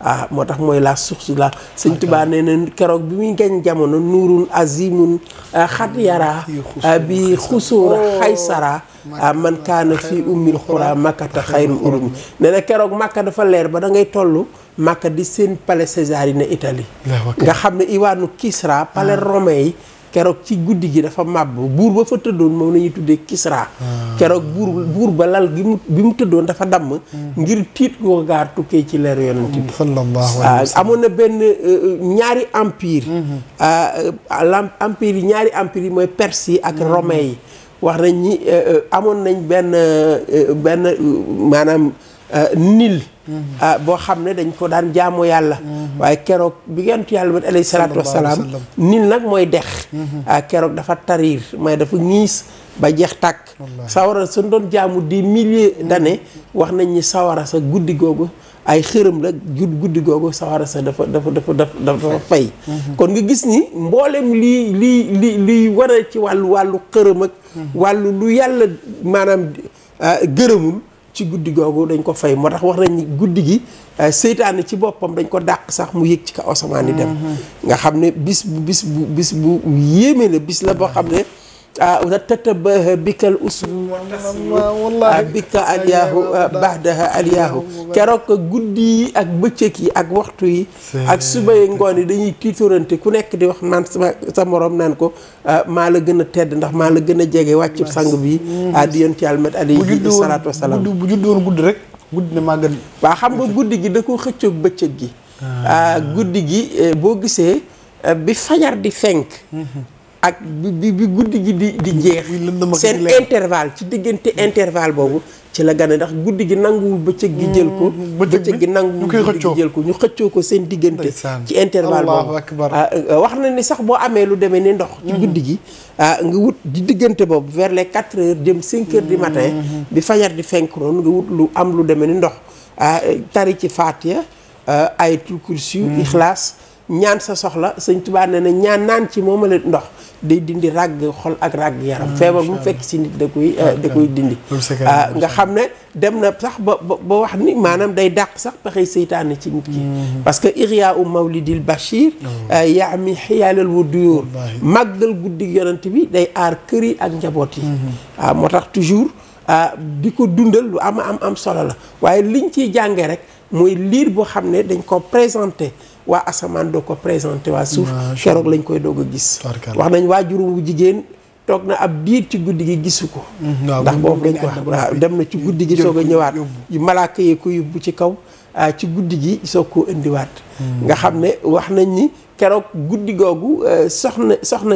ah moo tax mooy la source la sëñ Tuubaa nee na keroog bi muy gañ jamono nuurun azimun euh, xat yara euh, bi xusuura xaysara oh, man kaana fii ummil xura makkata xayru urumi nee na keroog makka dafa leer ba da ngay toll Màkka di seen pale palais Césarine Italie nga xam ne iwaanu Kisra palais ah. romain yi keroog ci guddi gi dafa màbb buur ba fa tëddoon moom la ñuy tuddee Kisra ah. keroog buur buur ba lal gi mu bi mu tëddoon dafa damm hmm. ngir tiit ngoo gaar tukkee ci leeru yonent bi ah, amoon na benn euh, euh, ñaari empire hmm, hmm. euh, l empire yi ñaari empire yi mooy perse yi ak romain yi wax nañ ñi amoon nañ benn benn maanaam nil Ah, boo xam ne dañ ko daan jaamu yàlla mhm. waaye keroog bi gentu yàlla ba alayhi salaatu wasalaam nil nag mooy dex mhm. ah, keroog dafa tariir mooy dafa ñiis ba jeex tàkk sawara suñ doon jaamu di milliers mhm. d'années wax nañ ni sawara sa guddi googu ay xërëm la jud guddi googu sawara sa dafa dafa dafa dafa fay kon nga gis ni mboolem lii lii lii lii war a ci wàllu wàllu xërëm ak wàllu lu yàlla maanaam ah, gërëmul ci guddi googu dañ ko fay moo tax wax nañ guddi gi euh, seytaane ci boppam dañ ko dàq sax mu yëg ci ka asamaan yi dem mm-hmm. nga xam ne bis bu bis bu bis bu yéeme la bis la boo xam ne تتبه بك الأسم والله بك ألياه بعدها ألياه keroog guddi yi ak bëccëg yi ak waxtu yi ak suba yi ngoon yi dañuy kiiturante ku nekk di wax naan sama sa morom naan ko ah, maa la gën a tedd ndax maa la gën a jege wàcc sang bi mm. ah, di yonti almet alayhi bu juddu woon guddi rek guddi ne maa gën waaw xam nga guddi gi da koo xëccoog bëccëg gi ah. guddi gi eh, boo gisee eh, bi fajar di fenk mm-hmm. ak bi bi guddi gi di di jeex seen intervalle ci diggante intervalle boobu ci la gane ndax guddi gi nanguwul bëccëg gi jël ko mm, bëccëg gi nanguwul guddi gi jël ko ñu xëccoo ko seen diggante ci intervalle boobu ah, euh, wax na ni sax boo amee lu demee ni ndox ci mm-hmm. guddi gi ah, nga wut di diggante boobu vers les quatre heures jëm cinq heures di matin mm-hmm. bi fajar di fenk noonu nga wut lu am lu deme ni ndox ah, tari ci faatiya ayatul kursi mm-hmm. ixlaas ñaan sa soxla sëñ Tuubaa nee na ñaan naan ci moom la ndox day dindi ràgg xol ak ràgg yaram ah, feebar mu fekk si nit da koy eh, da koy dindi ah, nga xam ne dem na sax ba ba wax ni maanaam day dàq sax pexey seytaane ci nit ki mm-hmm. parce que iria u mawlidil bachir yaa mi xiyaalal wa duyóor màggal guddi yonent bi day aar kër yi ak njaboot yi mm-hmm. ah, moo tax toujours di ko dundal lu am am am solo la waaye liñ ciy jànge rek mooy liir boo xam ne dañ ko présenté waa asamaan doo ko présenté waa suuf keroog lañ koy doog a gis wax nañ waajurum bu jigéen toog na ab biir ci guddi gi gisu ko mm, ndax boobu lañ ko waaw dem na ci guddi gi soog a ñëwaat yu malaaka yi ko yóbbu ci kaw ah, ci guddi gi soog indiwaat mm. nga xam ne wax nañ ni keroog guddi googu eh, soxna soxna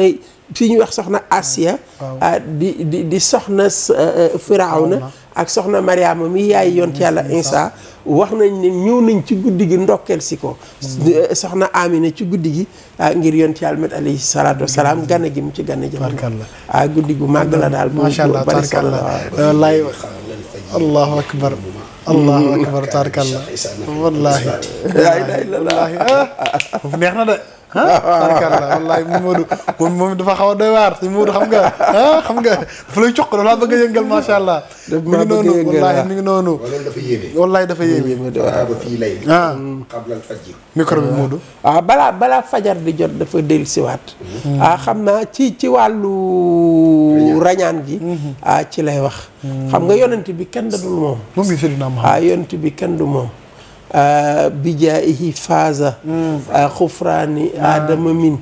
fi ñuy wax soxna Asiya ah, di di di soxna eh, eh, Firawna ak soxna Mariama mi yaay yont yàlla Insa wax nañ ne ñëw nañ ci guddi gi ndokkeel si ko soxna Amina ci guddi gi ah, ngir yont yàlla met alayhi salaatu wasalaam mm-hmm. gane gi mu ci gane jëm ah guddi gu màgg la daal macha allah barikalla lay euh, wax allahu akbar allahu akbar tarkalla wallahi la [laughs] ilaha illallah ah, neex na de tarkalla wallaay Modou moom moom dafa xaw a doy waar xam nga ah xam nga dafa lay cuq dafa a yëngal allah ah. mi ngi noonu wallaay mi ngi noonu wallaay dafa yéeme wallaay dafa yéeme ba fii ah. ah. balaa balaa fajar di jot dafa dellu waat hmm. ah xam naa ci ci wàllu rañaan ji hmm. ah ci lay wax hmm. xam nga yonent bi kenn da dul moom moom i bi kenn du moom bijaahi faaza xufraani aadama min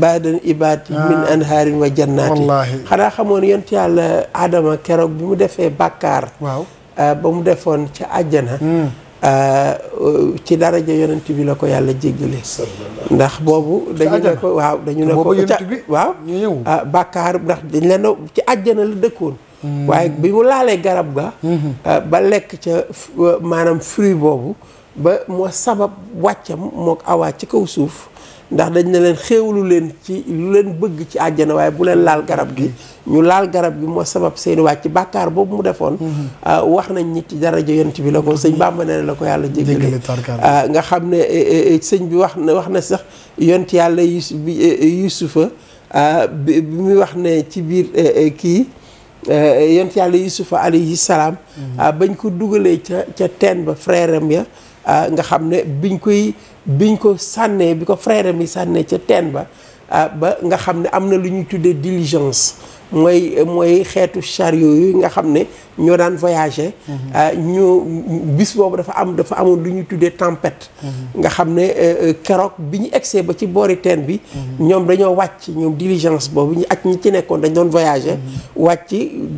baadan ibaat min anhaarin wa jannaati xanaa xamoon yont yàlla aadama keroog bi mu defee bàkkaar waaw ba mu defoon ci àjjana ci daraja yonent bi la ko yàlla jéggale ndax boobu dañu ne ko waaw dañu ne ko waaw ah, bàkkaar ndax dañ leen ci àjjana la dëkkoon Hmm. waaye bi mu laalee garab ga hmm. euh, ba lekk ca euh, maanaam fruit boobu ba moo sabab wàccam mook awaat ci kaw suuf ndax dañ ne leen xéewlu leen ci lu leen bëgg ci àjjana waaye bu leen laal garab gi ñu laal garab gi moo sabab seeni wàcc bàkkaar boobu mu defoon hmm. euh, wax nañ ñi ci daraja yonent bi la ko sëñ Bàmba ne la ko yàlla jéggale nga xam ne sëñ bi wax na wax na sax yonent yàlla Yusufa bi muy wax ne ci biir kii Eh, yonent yàlla yusufa alayhi salaam mhm. ah, bañ ko dugalee ca ca teen ba frère ya ah, nga xam ne biñ koy biñ ko sànnee bi ko freeram yi sànnee ca teen ba Ah, ba nga xam ne am na lu ñuy tuddee diligence mooy mooy xeetu chariot yooyu nga xam ne ñoo daan voyager mhm. ah, ñu bis boobu dafa am dafa amoon lu ñuy tuddee tempête mhm. nga xam ne euh, euh, keroog bi ñu egsee ba ci boori teen bi mhm. ñoom dañoo wàcc ñoom diligence boobu ñu ak ñi ci nekkoon dañ doon voyager wàcc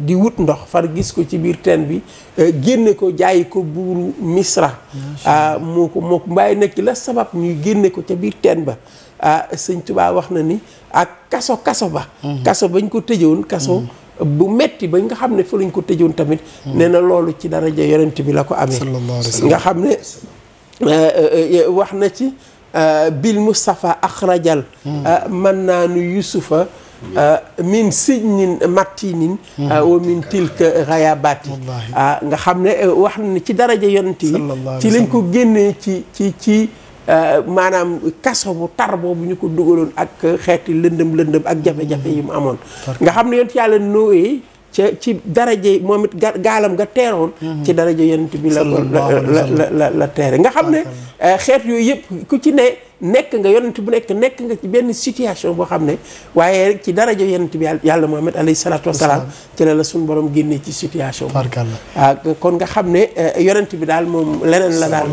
di wut ndox far gis ko ci biir teen bi euh, génne ko jaayi ko buuru Misra ah, moo ko moo ko mbaay nekk la sabab ñuy génne ko ca biir teen ba ah sëñ wax na ni ak kaso kaso ba mhm. kaso bañ ko tëjoon kaso mhm. bu metti ba nga xam ne fa lañ ko tëjoon tamit mhm. nee na loolu ci daraja yonent bi la ko amee nga xam ne eh, eh, wax na ci eh, bil Mustafa akhrajal man naanu yusufa min sijnin mattinin wa min tilka rayabaati ah, nga xam ne wax na ne ci daraja yonent yi ci lañ ko génnee ci ci ci Euh, maanaam kaso bu tar boobu ñu ko dugaloon ak xeeti lëndëm lëndëm ak jafe-jafe yi mu amoon nga xam ne yonent yàlla Nooye ca ci daraje moom it ga gaalam nga teeroon mhm. ci daraje yonent bi la la la la teere nga xam ne eh, xeet yooyu yëpp ku ci ne nekk nga yonent bu nekk nekk nga ci benn situation boo xam ne waaye ci daraja yonent bi yàlla Muhammad alayhi salaatu wasalaam ci la la suñ borom génnee ci situation bi kon nga xam ne eh, yonent bi daal moom leneen la daal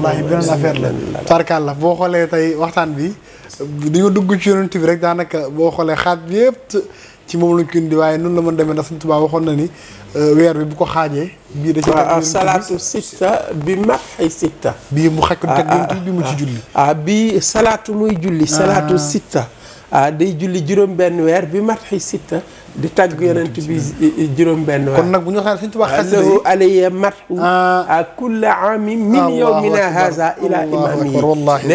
affaire la tarkalla boo xoolee tey waxtaan bi dañoo dugg ci yonent bi rek daanaka boo xoolee xaat bi yëpp ci moom lañ ko indi waaye noonu la mën demee ndax suñ tubaab waxoon na ni euh, weer bi bu ko xaajee. bii da ci waaw salaatu sitta bi mag ay sitta. bii mu xaj ko teg ah, ah, bi mu ci ah, julli. ah bii salaatu muy julli. salaatu sitta. ah day julli juróom-benn weer bi mat xi sitta di tagg yonent bi juróom-benn weer. kon nag bu ñu waxee Sëriñ Tuubaa xasida yi alayya matxu ah. a kulla aami nee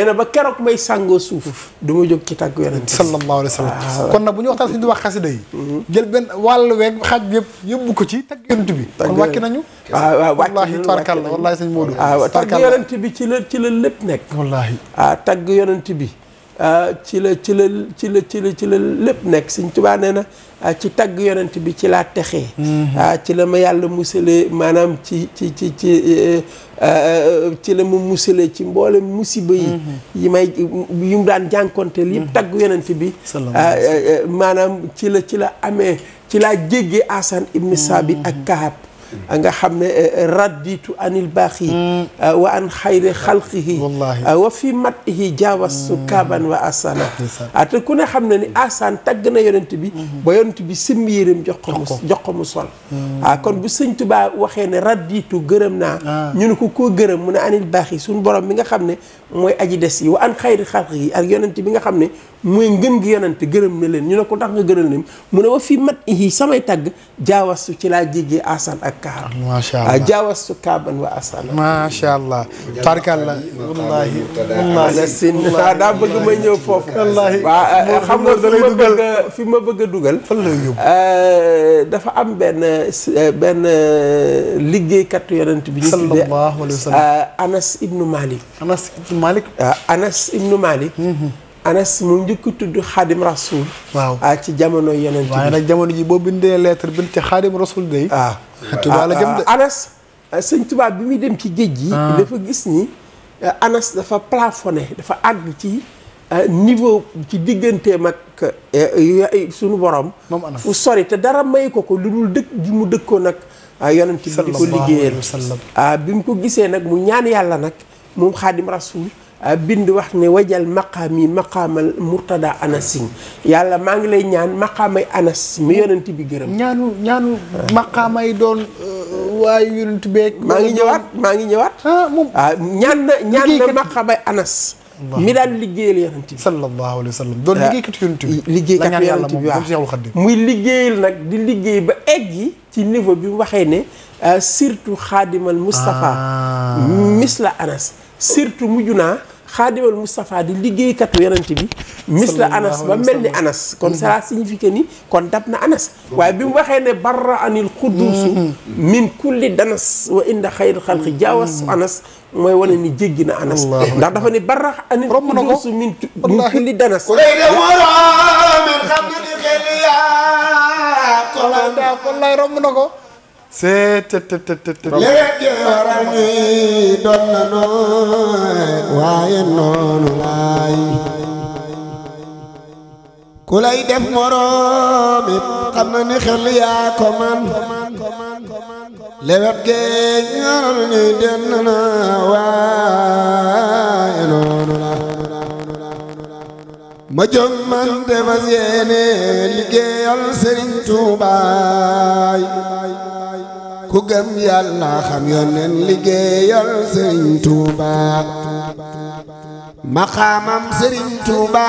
na ba keroog may sàngoo suuf du ma jóg ci tagg yonent sallallahu alayhi wa sallam ah, kon nag bu ñu waxtaan Sëriñ Tuubaa xasida yi mm-hmm. jël benn wàll weeg xaaj bi yëpp yóbbu ko ci tagg yonent bi kon wàcc nañu ah, waaw waaw wallaahi tabarkalla wallaahi sëñ Moodu tagg yonent bi ci la ci la lépp nekk wallaahi ah tagg yonent bi Ah, ci la ci la ci la ci la ci la lépp nekk Sëñ Tuubaa nee na ah, ci tagg yonent bi ci laa texee mhm. ah, ci la ma yàlla musale maanaam ci ci ci ci eh, eh, eh, ci la ma musale ci mboolem musiba yi mhm. yi may yi mu daan jànkonteel yëpp mhm. tagg yonent bi maanaam ci la ci la amee ci laa jéggee Asan ibn Saabit ak Kahab a nga xam ne eh, eh, radditu anil baaxi mm. eh, wa an xayri xalqihi wa fi matihi jaawas mm. sukaaban wa asana te ku ne xam ne ni asaan tagg na yonent bi mm-hmm. ba yonent bi simmi yéreem jox mu jox ko mu sol mm. ah, kon bu sëñ Tuubaa waxee ne radditu gërëm naa ah. ñu ne ko gërëm mu ne anil baaxi suñu borom mi nga xam ne mooy aji des yi wa an xayri xalq yi ak yonent bi nga xam ne mooy ngën gi yonent gërëm na leen ñu ne ko ndax nga gërëm leen mu ne wa fii mat ihi samay tàgg jaawastu ci laa jéggee asan ak kaar ah, macha allah ah, jaawastu kaaban wa asan macha allah tarkalla wallahi wallahi sin waaw daa bëgg may ñëw foofu wallahi waaw eh, xam fi ma ma bëgg dugal fan la yóbbu eh, dafa am benn eh, benn liggéeykatu yonent bi ñu anas ibnu malik Malick. Euh, Anas ibnu Malick. Mhm. Anas mu njëkk tudd xaadim rasul. waaw ah, ci jamono yeneen. waaye nag jamono ji boo bindee lettre bind ci xaadim rasul day. ah Tuubaa ah, Anas. Euh, sëñ Tuubaa bi muy dem ci géej gi. Ah. dafa gis ni euh, Anas dafa plafonné dafa àgg ci niveau ci digganteem ak sunu borom. moom fu sori te dara may ko ko lu dul dëkk ji mu dëkkoon nag. yonent bi di ko liggéeyal bi mu ko gisee nag mu ñaan yàlla nag. moom xaadim rasul euh, bind wax ne wajal maqaam yi maqaamal murtada anasin yàlla maa ngi lay ñaan maqaamay anas mi yonent bi gërëm ñaanu ñaanu maqaamay doon euh, waaye yonent beeg maa ngi ñëwaat maa ngi ñëwaat ah, moom ah, ñaan na ñaan na maqaamay anas mi daan liggéeyal yonent bi sallallahu alayhi wa sallam doon ah, liggéeykat yonent bi liggéeykat yonent bi waaw muy liggéeyal nag di liggéey ba egg yi ci niveau bi mu waxee ne euh, surtout xaadimal Moustapha misla anas surtout mujj naa xaadimal Moustapha di liggéeykatu yonent bi misla anas ba mel ni anas kon ça signifie que ni kon dab na anas waaye bi mu waxee ne barra anil quduusu mm-hmm. min kulli danas wa inda xayri xalqi jaawas mm-hmm. anas mooy wane ni jéggi na anas ndax dafa ni barra anil quduusu min kulli danas ko lay romb na ko seet te te doon na noonu waaye noonu laay. ku lay def moroom it na ni xel yaa ko man. lewet géej yoral mi den na waaye noonu la. ma jóg man de fas yéene liggéeyal Serigne Touba. ku gëm yàlla xam yónneen liggéeyal sëriñ Touba maqaamam sëriñ Touba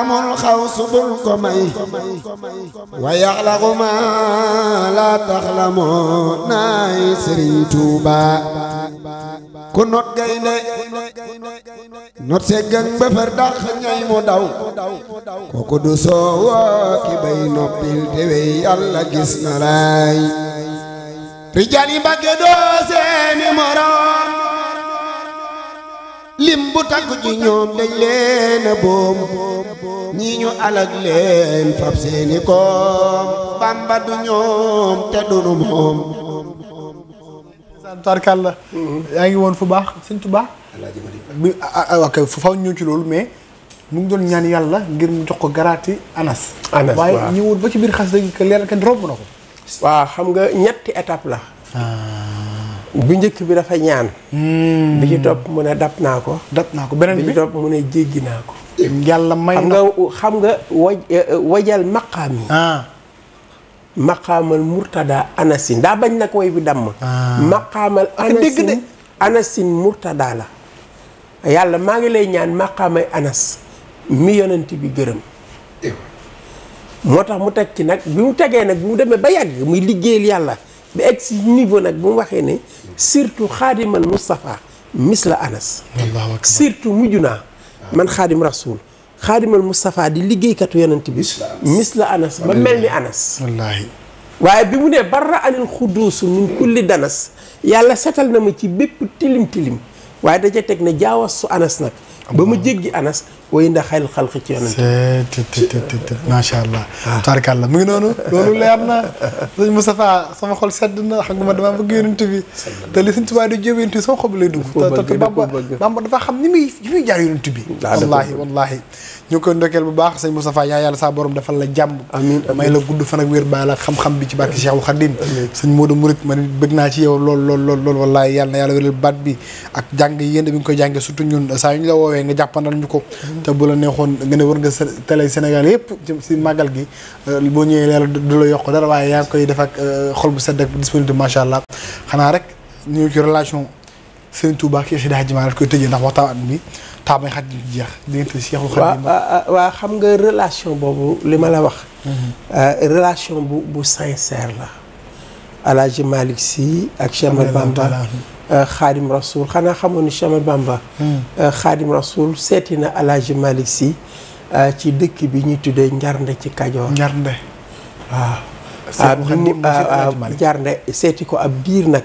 amul xaw subul ko may wa yaxlaqu ma la taxlamoo naay sëriñ Touba ku not gaynde not seggang ba dax ñay mu daw kooku du soowo ki bay noppil te wey gis na laay rijaal yi mbàkke doo seeni moroom lim bu takku ci ñoom dañ leen a boom ñii ñu alag leen fab seeni koom bàmba du ñoom te dunu moom tarkal la yaa ngi woon fu baax sëñ Tuubaa bi ah, ah, ah, fu faw ñëw ci loolu mais mu ngi doon ñaan yàlla ngir mu jox ko garaati anas anas waaye ñëwoon ba ci biir xas dëgg que leen kenn romb na ko waaw xam nga ñetti étape la. Ah. bu njëkk bi dafa ñaan. Hmm. bi ci topp mu ne dab naa ko. dab naa ko beneen bi bi ci topp mu ne jéggi naa ko. xam nga xam nga waj eh, eh, wajal maqaam yi. Ah. maqaamal murtada anasin daa bañ nag way bi damm. Ah. maqaamal anasin anasin murtada la. yàlla maa ngi lay ñaan maqaamay anas mi yonent bi gërëm. moo tax mu teg ci nag bi mu tegee nag bi mu demee ba yàgg muy liggéeyal yàlla ba egg si niveau nag bu mu waxee ne surtout xaadimal Moustapha misla Anas. surtout mujju naa. man xaadim rasul xaadimal Moustapha di liggéeykatu yonent bi. misla Anas ba mel ni Anas. wallaahi. waaye bi mu ne barra anil xuduusu min kulli danas yàlla setal na ma ci bépp tilim tilim waaye da teg na jaawas su Anas nag. ba ma jéggi Anas. way ndax xel xalq ci yonent macha allah tabarkàlla mu ngi noonu loolu leer na sëñ Moustapha sama xol sedd na xam nga ma dama bëgg yonent bi te li sëñ xob lay dugg te Bamba xam ni muy ni muy jaar yonent bi wallahi wallahi ñu koy ndokkeel bu baax sëñ Moustapha yaa yàlla saa borom defal la jàmm amiin may la gudd fan ak wér baal ak xam-xam bi ci barke Cheikhul Khadim sëñ Modou Mourid bëgg naa ci yow lool lool lool lool wallahi yàlla na yàlla bi ak jàng yéen bi nga koy jàngee surtout ñun saa yu ñu la woowee nga jàppandal ñu ko te bu la neexoon nga ne war nga sa télé Sénégal yëpp ci màggal gi euh, boo ñëwee leer du la yokk dara waaye yaa koy def ak euh, xol bu sedd ak disponible macha allah xanaa rek ñu ci relation Sëriñ Tuubaa ak Seydi Hadji Malick koy tëjee ndax waxtaan bi taa may xaj di jeex diggante Seexul Xadiim waaw xam nga relation boobu li ma la wax. Mhm. Euh, relation bu bu sincère la. Alaaji Malick si ak Cheikh Ahmadou Bamba xaadim euh, rasul xanaa xamoon ni Cheikh Bamba. xaadim hmm. euh, rasul seeti na El Hadj Malick euh, ci dëkk bi ñuy tuddee Njarnde ci Kajoor. Njarnde ah, ah, seeti ko ab biir nag.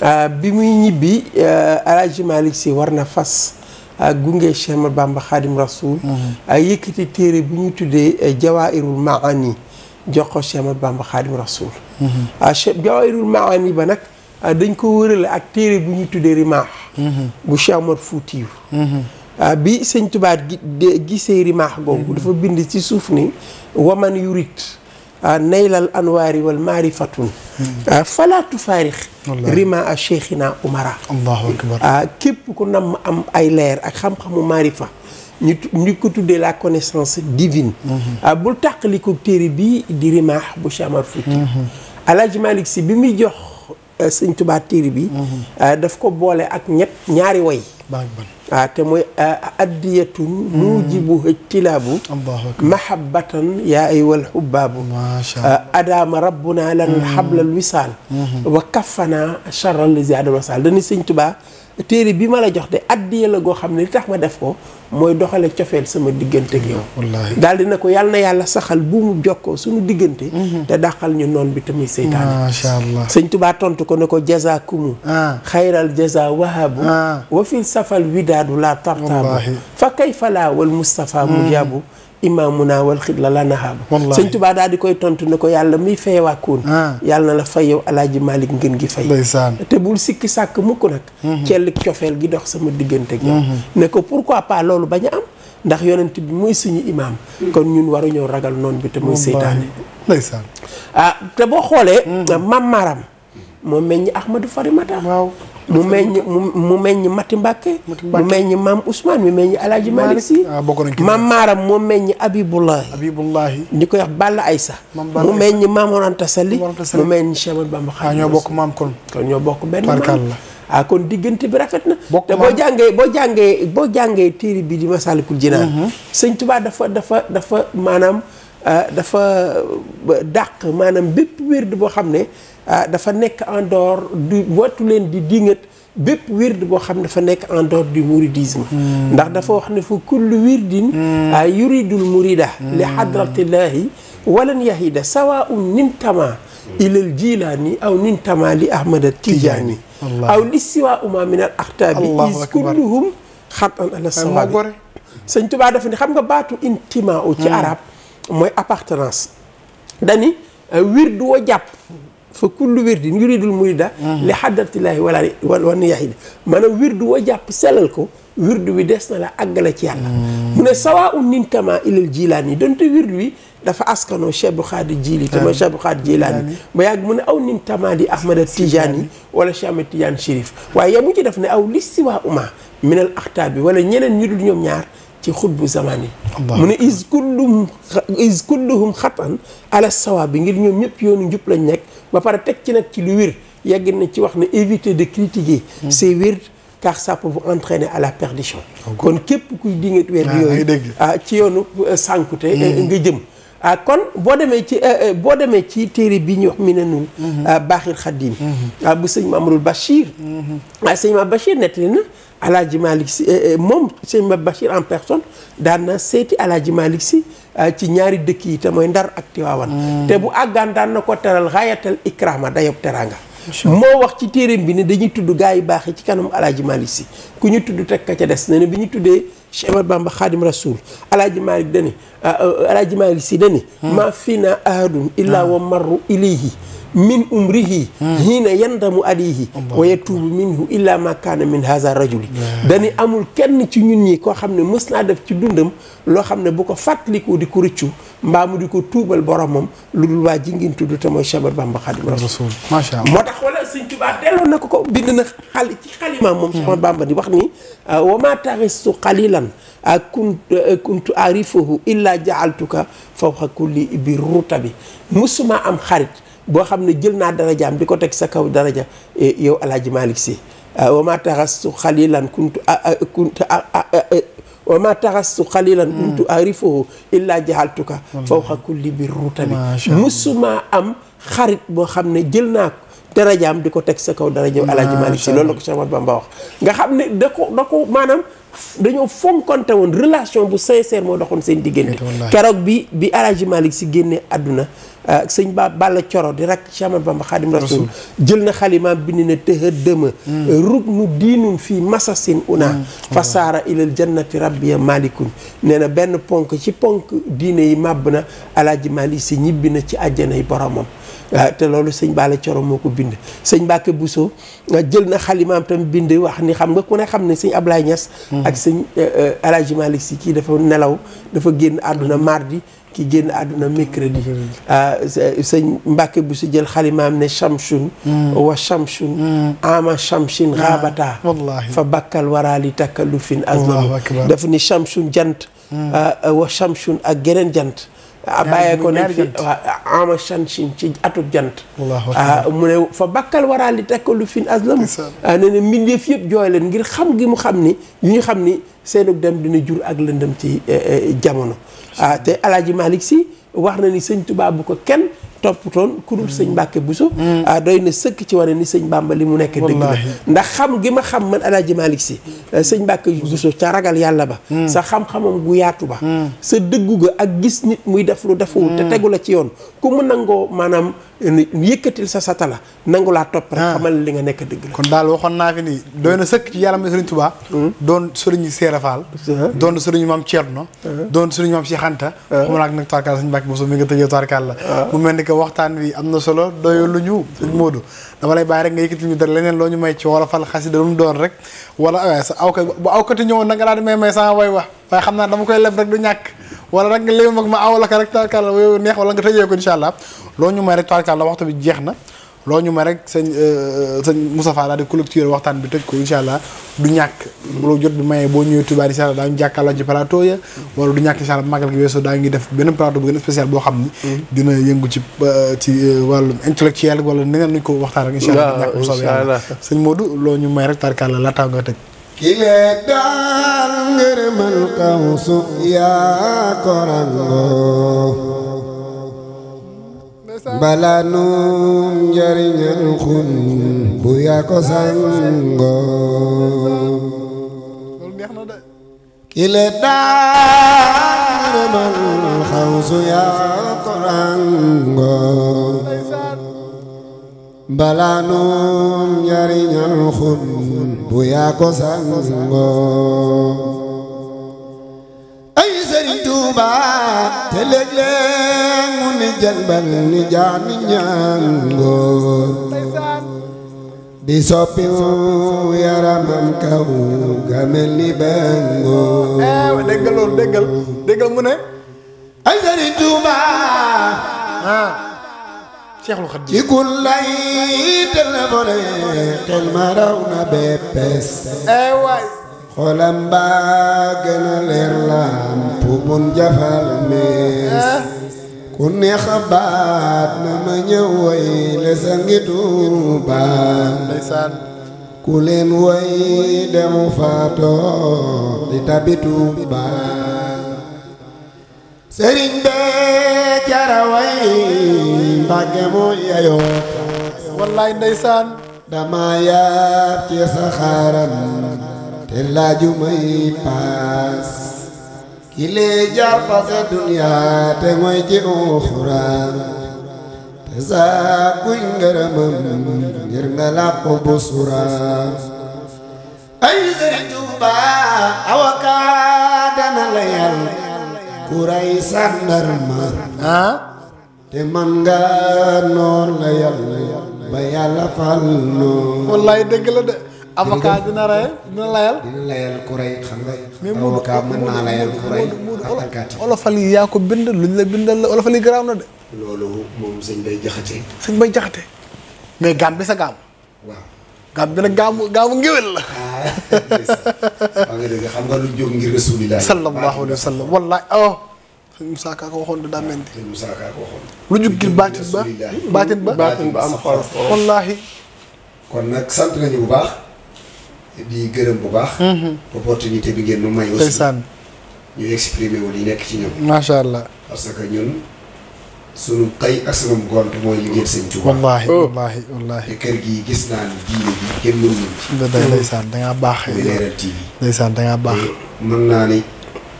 Ah, bi muy ñibbi El Hadj Malick war na fas ak gunge Cheikh Bamba xaadim rasul. Hmm. yëkkati téere bu ñuy tuddee Jawaahirul Maani jox ko Cheikh Bamba xaadim rasul. Hmm. Jawaahirul Maani ba nag. Euh, dañ ko wërale ak téere bu ñu tuddee rimaax mhm. bu Cheikh Omar Foutiyou mhm. euh, bi sëñ Tuubaa gisee rimaax googu mhm. dafa bind ci suuf ni waman yurit euh, naylal anwaari wal maarifatun falaatu faarix rima a cheikhina umara képp ku nam am ay leer ak xam-xamu maarifa ñu ñu ko tuddee la connaissance divine bul tàqalikoo téere bi di rimaax bu Cheikh Omar Foutiyou Alaaji Si bi muy jox Euh, sëñ Tuubaa téere bi mhm. euh, daf ko boole ak ñett ñaari way waaw ah, te mooy euh, addiyatun mujibu mhm. hëjtilaabu mahabbatan yaa aywal xubbaabu ah, rabbuna lan xablal mhm. wisaal wa kaffana charal ziadal wasaal dañu sëñ Tuubaa téere bi ma la jox de addiya la goo xam ne li tax ma def ko mooy doxale cofeel sama diggante ak dal di dina ko yàlla yàlla saxal bu mu jokkoo suñu diggante mhm. te dàqal ñu noon bi tamit seytaane masha allah sëñ tubaa tontu ko ne ko jazakumu ah. xayral jaza wahabu ah. wa fil safal widaadu la tartaabu fa kayfa laa wal mustafa mujabu imaamuna wal xidla la la naxaabu sëñ tubaa daal di koy tontu ne ko yàlla muy feewaakoon ah. yàlla na la fay yow alaaji Malick ngeen gi fay te bul sikki sàkk mukk nag mhm. cellik cofeel gi dox sama diggante ak mhm. ne ko pourquoi pas loolu ba a am ndax yonent bi mooy suñu imaam mhm. kon ñun waruñoo ragal noonu bi te mooy seytaane ndeysaan ah te boo xoolee mam maram moo meññi Ahmadou Farimata waaw mu meññ mu meññ Mati Mbàkke mu meññ maam Ousmane mu meññ Alaaji Malick Si maam Maaram moo meññ Abibullahi Abibullahi ñi koy wax Balla Aysa mu meññ maam Mor Anta Sali mu meññ Cheikh Ahmadou Bamba xam ah, ñoo bokk maam kon kon ñoo bokk benn maam ah kon diggante bi rafet na te boo jàngee boo jàngee boo jàngee téere bi di Masaalikul Jinaan mm-hmm. sëñ Tuubaa dafa dafa dafa maanaam Euh, dafa dàq maanaam bépp wird boo xam ne euh, dafa nekk en dehors du wattu leen di dingat bépp wird boo xam ne dafa nekk en dehors du mouridisme hmm. ndax dafa wax ne fu kullu wirdin hmm. euh, yuridul mourida li hmm. hadratillahi walan yahida sawaun nintama ilal jilaani aw nintama li ahmada tijaani aw li siwa uma min al axtaabi is kulluhum xat an ala sawabi sëñ tubaa dafa ne xam nga baatu intimaa u ci arab mooy appartenance dani euh, wirdu woo jàpp fa kullu wirdin yuridul murida li xadratillaahi wala wa niyahida maanaam wirdu woo jàpp selal ko wirdu wi des na la àggale ci yàlla hmm. mu ne sawa un ninkama ilal jilaani donte wirdu wi dafa askanoo Cheikh Abdou Khadre Jili te mooy ah. Cheikh Abdou Khadre Jilaani mu yàgg mu ne aw nin tamaadi Ahmada Tijaani wala Cheikh Ahmad Tijaani Chérif waaye yemu ci def ne aw listiwaa uma minal axtaab bi wala ñeneen ñu dul ñoom ñaar ci xutbu zamaan yi mu ne is kulluhum is xatan ala sawaab bi ngir ñoom ñëpp yoonu njub lañ nekk ba pare teg ci nag ci lu wér yàgg na ci wax ne éviter de critiquer hmm. c'est wér car ça peut vous entraîner à la perdition ah, kon képp kuy dingat weer bi ah, yooyu ah ci yoonu euh, sànkute euh, hmm. nga jëm ah kon boo demee ci euh, boo demee ci téere bi ñuy wax Minanul hmm. ah, Baaxil Xadiim bu sëñ Mamadul Bachir ah sëñ ma Bachir nettali na Alaaji Malick si eh, eh, moom sëñ Ba Bachir en personne daan na seeti Alaaji si eh, ci ñaari dëkk yi te mooy Ndar ak Tiwaawan hmm. te bu àggaan daan na ko teral xaayatal ikraama dayob teraanga moo wax ci téeréem bi ne dañuy tudd gaa yu baax yi ci kanam Alaaji Malick si ku ñu tudd teg ka ca des na ne bi ñu tuddee Cheikh Ahmad Bamba Xaadim Rasul Alaaji Malick dani Alaaji si dani hmm. ma fii na ahadun illa wa marru ilayhi min umrihi hiina yandamu alayhi wa yatuubu minhu illa ma kaana min haza rajuli dañu amul kenn ci ñun ñi koo xam ne mës naa def ci dundam loo xam ne bu ko fàttalikoo di ko rëccu di ko tuubal boromam lu dul waa ji ngeen tudd mooy Cheikh Ahmadou Bamba Xaadimu Rasuul moo tax wala Sëñ Tuubaa delloo na ko ko bind na xali ci xalimaam moom Cheikh Ahmadou Bamba di wax ni ah, wa ma taristu ak ah, eh, kuntu arifuhu illaa jaaltuka fawqa kulli bi ruta bi musuma am xarit boo xam ne jël naa darajaam di ko teg sa kaw daraja yow alaaji Malick Sy wa ma taxastu xalilan kuntu kuntu wa ma taxastu xalilan kuntu arifahu illa am xarit boo xam ne jël naa darajaam di ko teg sa kaw daraja la ko wax nga xam ne da ko maanaam dañoo fonkonte woon relation bu sincère moo doxoon seen diggante keroog bi bi alaaji malik si génnee àdduna Ah, sëñ Ba Balla Coro di rak Cheikh Ahmadou Bamba Xaadim Rasul jël na xalimaam bind na tëxa dëma hmm. eh, rub nu diinum fii masasin una hmm. fasaara ilal jannati rabbiya malikun nee na benn ponk ci ponk diine yi màbb na alaaji Malick si ñibbi na ci àjjanay boromam ah, te loolu sëñ Balla Coro moo ko bind sëñ Mbacke nga ah, jël na xalimaam tam bind wax ni xam nga ko ne xam ne sëñ Ablaye Niass hmm. ak sëñ eh, eh, alaaji Malick si kii dafa nelaw dafa génn àdduna mardi ki génn àdduna mercredi hmm. ah, sëñ Mbàkke bu si jël xalimaam ne chamchun hmm. wa chamchun hmm. ama chamchin xaabata ah, fa bakkal waraali takkallufin azlam dafa ni chamchun jant ah, wa chamchun ak geneen jant bàyyee ko nekk fi waaw ama chanchin ci atu jant ah, mu ne fa bakkal waraa li tekka lu fin aslam ah, nee na mbindeef yëpp jooy ngir xam gi mu xam ni yu ñu xam ni seenug dem dina jur ak lëndëm ci eh, eh, jamono ah, te alaaji Malick si wax na ni sëñ tubaabu ko kenn toppatoon ku dul sëñ mm. Mbàkke Buso mm. ah doy sëkk ci wane ni sëñ Bàmba li mu nekk dëgg la ndax xam gi ma xam man Alaaji Malick Si eh, sëñ Mbàkke Buso ca ragal yàlla ba mm. sa xam-xamam yaatu ba sa dëggu ga ak gis nit muy def lu deful te tegu la ci yoon ku mu nangoo maanaam eh, yëkkatil sa satala nangu laa topp rek ah. li nga nekk dëgg la kon waxoon naa fi nii na sëkk ci yaram sëriñ Tuubaa doon sëriñ Seera Faal uh-huh. doon sëriñ maam Cerno uh-huh. doon sëriñ maam Seex Anta uh-huh. xuma naak nag tarkal sëñ Mbàkke Buso mi nga tëjee tarkal la mu mel ni que waxtaan wi am na solo doyo lu ñu sëñ Modou dama lay bàyyi rek nga yëkkati ñu dara leneen loo ñu may ci wala fal xasida lu mu doon rek wala waaye eh, sa awkat bu awkati ñëwoon na nga daal di may may sama way wax waaye xam naa dama koy leb rek du ñàkk wala rek nga léegi mag ma aw ko rek tarkal yow neex wala nga tëjee ko incha allah loo ñu may rek tarkal la waxtu bi jeex na loo ñu ma rek sañ sëñ euh, euh, Moustapha daal di collecture waxtaan bi tëj ko incha allah du ñàkk loo jot bi mayee boo ñëwee Touba incha allah daañu jàkkaarloo ci plateau ya wala du ñàkk incha allah magal gi weesoo daa ngi def benn plateau bu gën a boo xam ni mm-hmm. dina yëngu ci ci euh, wàllum intellectuel wala neneen nuñ ko waxtaan rek incha allah ñàkk bu soobee yàlla loo ñu may rek tarkalla laataa nga tëj kile daan ngërëmal kaw su yaa korango bala nu njariñal xun bu yaa ko sangoo Touba eh, ci kun lay téléphoné xel ma raw na béppes xolam baa gën a làmp mun jafal mees ah. ku neex baat na ma ñëw woy sa ngi tuubaan ku leen woy demu faatoo di tabitu baan sëriñ bee jara way mbàgge moo yayoo wallaay ndeysaan dama yaab ci te laaju may paas kile jar pase dunya te mooy ci uxuraan te saa kuy ngërëmam ngir nga làq bu suraan ay Sëriñ Tuuba awakaa dana la yal ku ray sàndarma ah? te man nga noon la yal ba yàlla fal noon wallaay avocat dina rayal dina layal. dina layal ku rey xam nga. mais avocat mën naa layal ku rey. alkaati olofal yi yaa ko bind luñ la bindal la olofal yi garaaw na de. loolu moom sëñ bay jaxate. sëñ bay jaxate mais gaam bi sa gaam. waaw gaam bi nag gaamu gaamu ngéwél la. ah [laughs] dégg xam nga lu jóg ngir rasulilah. sallallahu alayhi wa sallam wallaay oh. sëñ Moussa Ka ko waxoon de daa mel ni. sëñ Moussa Ka ko waxoon. lu jóg ngir baatin ba baatin ba baatin ba am xol. wallaahi. kon nag sant nañu bu baax. di gërëm bu baax. Mhm. opportunité bi ngeen nu may. aussi ñu exprimer wu ci macha allah parce que ñun sunu tay ak sunu gont mooy liggéey sëñ Tuubaa. wallaahi oh. wallaahi wallaahi. te kër gi gis naa ne diine bi kenn mënuñu ci. da ngaa baax. muy leeral TV. baax mën naa ni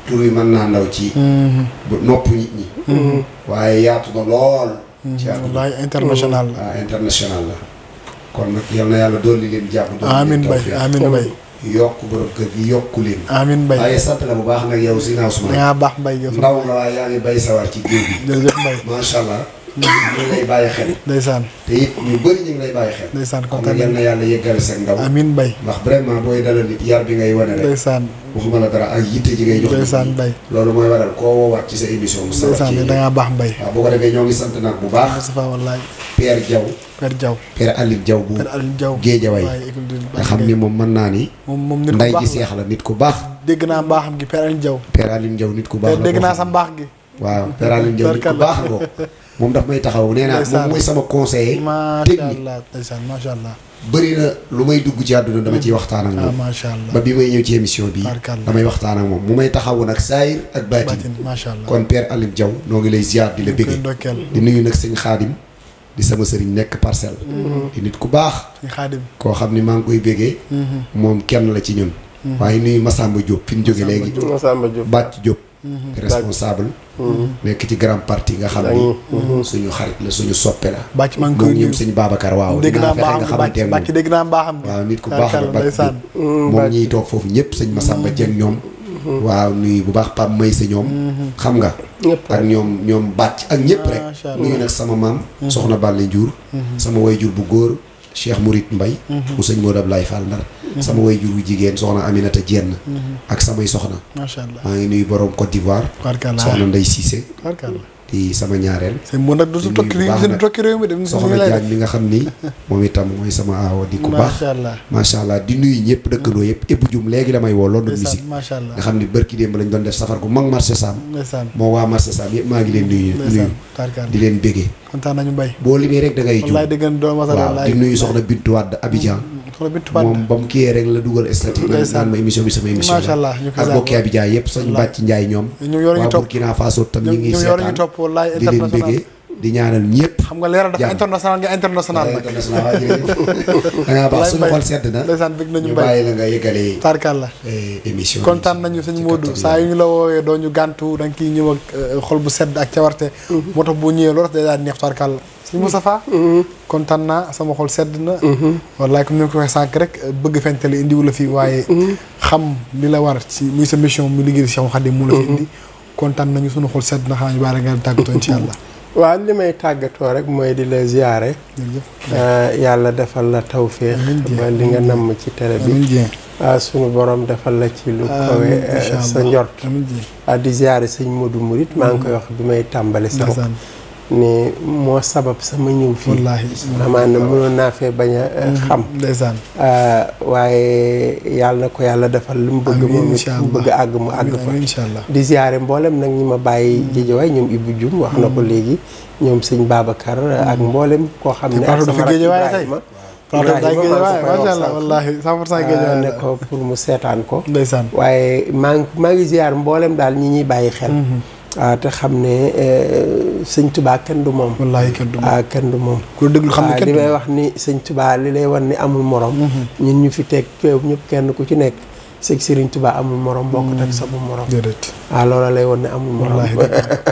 tur yi mën naa ndaw ci. Mhm. ba nopp nit ñi. Mhm. waaye yaatu na lool. ci international la ah, international la. kon nag yal na yàlla dolli leen jàpp. amiin bay amiin bay yokk borom kër gi yokk leen. amiin bay bu baax nag yow si naaw su ma. baax bay yow ndaw nga waaye yaa ngi bay sawar ci géej gi. jërëjëf bay macha allah. ñu ngi lay bàyyi xel. ndeysaan te it ñu bëri ñu ngi lay bàyyi xel. ndeysaan kontaan nañu na yàlla yëggale sa ndaw. amiin bay ndax vraiment booy dalal nit yar bi ngay wane rek. ndeysaan waxuma la dara ak yitte ji ngay jox. ndeysaan bay loolu mooy waral koo woowaat ci sa émission. mu sawar ci da ngaa baax mbay. waaw boo ko bu baax. Moustapha wallaay. Pierre Diaw. Pierre jaw Pierre Aliou Diaw bu. Pierre Aliou Diaw Géejawaay nga xam ni moom mën naa ni. moom moom nit ku baax la nday ji seex la nit ku baax. dégg naa mbaaxam gi Pierre Aliou Diaw. Pierre Aliou Diaw nit ko baax la dégg naa sa mbaax gi. waaw Pierre Aliou Diaw nit ku baax la moom daf may taxaw nee naa moom mooy sama conseiller technique macha allah bëri lu may dugg ci àdduna dama ciy waxtaan ak ah, moom macha allah ba bi may ñëw ci émission bi damay waxtaan ak moom mu may taxawu nag saayir ak baatin macha allah kon Père Alioune Diaw noo ngi lay ziar di la bëggee di nuyu nag sëñ Xaadim di sama sëriñ nekk parcelle mm-hmm. di nit ku baax Xaadim koo xam ni maa ngi koy bëggee mm-hmm. moom kenn la ci ñun mm-hmm. waaye nuyu Massamba Diop fi mu jóge léegi Massamba Diop bàcc Diop Mm-hmm. responsable. Mm-hmm. nekk ci grand parti nga xam ni. Mm-hmm. suñu xarit la suñu soppe la. bàcc maa ngi koy ñoom sëñ Babacar waaw. dégg naa mbaaxam nga xamante ne bàcc dégg naa mbaaxam waaw nit ku baax la bàcc mm, moom ñiy foofu ñëpp sëñ Massamba Dieng ñoom. waaw nuyu bu baax Pape may sa ñoom. xam nga. ak ñoom ñoom bàcc ak ñëpp rek. nuyu nag sama maam. soxna Balla jur sama way jur bu góor. Cheikh Mourid Mbay mu mhm. sëñ Modou Ablaye Fall Ndar mhm. sama way juru jigéen soxna Aminata Dieng mhm. ak samay soxna macha maa ngi nuyu borom Côte d'Ivoire soxna Ndey Cissé di sama ñaareel. seen mën nag du tokki seen tokki réew mi dem soxna Diagne nga xam ni moom itam mooy sama aawa di ku baax macha allah di nuyu ñëpp dëkkandoo yëpp ëpp jum léegi damay woo London Musique nga xam ni barki démb lañ doon def safar gu mag marché Sam moo waa marché Sam yëpp maa ngi leen nuyu nuyu di leen bégee kontaan nañu mbay boo limee rek da ngay jum waaw di nuyu soxna Bintu Wade Abidjan mm, solo bi tubaab moom ba mu kii rek la dugal statut naan ma émission bi sama émission macha allah ñu ak bokki Abidjan yëpp sañ bàcc njaay ñoom ñu yor ñu topp Burkina Faso ñu ngi seetaan nga [laughs] baax suñu xol sedd na ndeysaan bëgg nañu bàyyi la nga yëgalee eh, tarkal la émission kontaan nañu sëñ Modou saa yu ñu la woowee doo ñu gàntu da nga kiy ñëw ak eh, xol bu sedd ak cawarte mm-hmm. moo tax bu ñëwee loolu daf day daal neex tarkal la si Moustapha mm-hmm. kontaan naa sama xol sedd na mm-hmm. wallaay comme ni ko waxee sànq rek bëgg fentale indiwu la fi waaye mm-hmm. xam li la war ci muy sa mission mu liggéey si Cheikh Khadim mu kontaan nañu sunu xol sedd na xanaa ñu baale tàggatoo incha allah waaw li may tàggatoo rek mooy di la ziyaare euh, yàlla defal la tawféex ba li nga namm ci télé bi euh, sunu borom defal la ci lu kawe euh, sa njort di ziyaare sëñ Modou Mouride maa ngi koy wax bi may tàmbali sax ne moo sabab sama ñëw fii. wallaahi amaana naa fee bañ a eh, mm-hmm. xam. ndeysaan ah, waaye yàlla na ko yàlla defal lu mu bëgg. moom it mu bëgg àgg mu àgg fa. incha di ziare mboolem nag ñu ma bàyyi. Mm-hmm. géejawaay ñoom Ibou Dioum wax na ko mm-hmm. léegi. ñoom sëñ baabakar ak mboolem koo xam ne. ak sama rakk Ibrahima macha allah wallaahi 100% ah, ne ko pour mu seetaan ko. ndeysaan waaye maa maa ngi ziare mboolem daal ñi ñuy bàyyi xel. ah te xam ne eh, sëñ tubaa kenn du moom. wallaahi kenn du moom ah kenn moom. ku déglu xam ne ah, kenn du wax ni sëñ tubaa li lay wan ni amul morom. Mm-hmm. ñun ñu fi teg ñëpp kenn ku ci nekk. sëñ Serigne Touba amul morom bokkut mm-hmm. ak sama morom. déedéet ah lay won ne amul morom.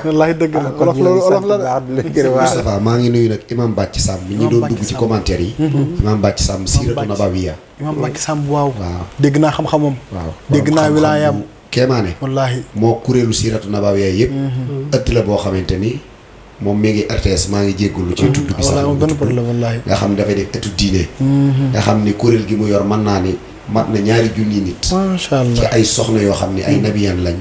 wallaahi dëgg la wallaahi dëgg la [laughs] ah, Moustapha maa ngi nuyu nag imam Bàcc Samb. ñi doon dugg ci yi. Mm-hmm. imam Bàcc Samb siiratu nabawiya. imam Bàcc Samb waaw. dégg naa xam-xamam. waaw dégg naa wilaayam. kéemaane wallaahi moo kuréelu siiratu nabawiyya yëpp mhm. ëtt la boo xamante ni moom mi ngi RTS maa ngi jéggulu ci tudd bi sax nga xam ne dafay def étude diine mhm. nga xam ni kuréel gi mu yor man naa ni mat na ñaari junni nit macha allah ci ay soxna yoo xam ni ay mhm. nabiyaan lañ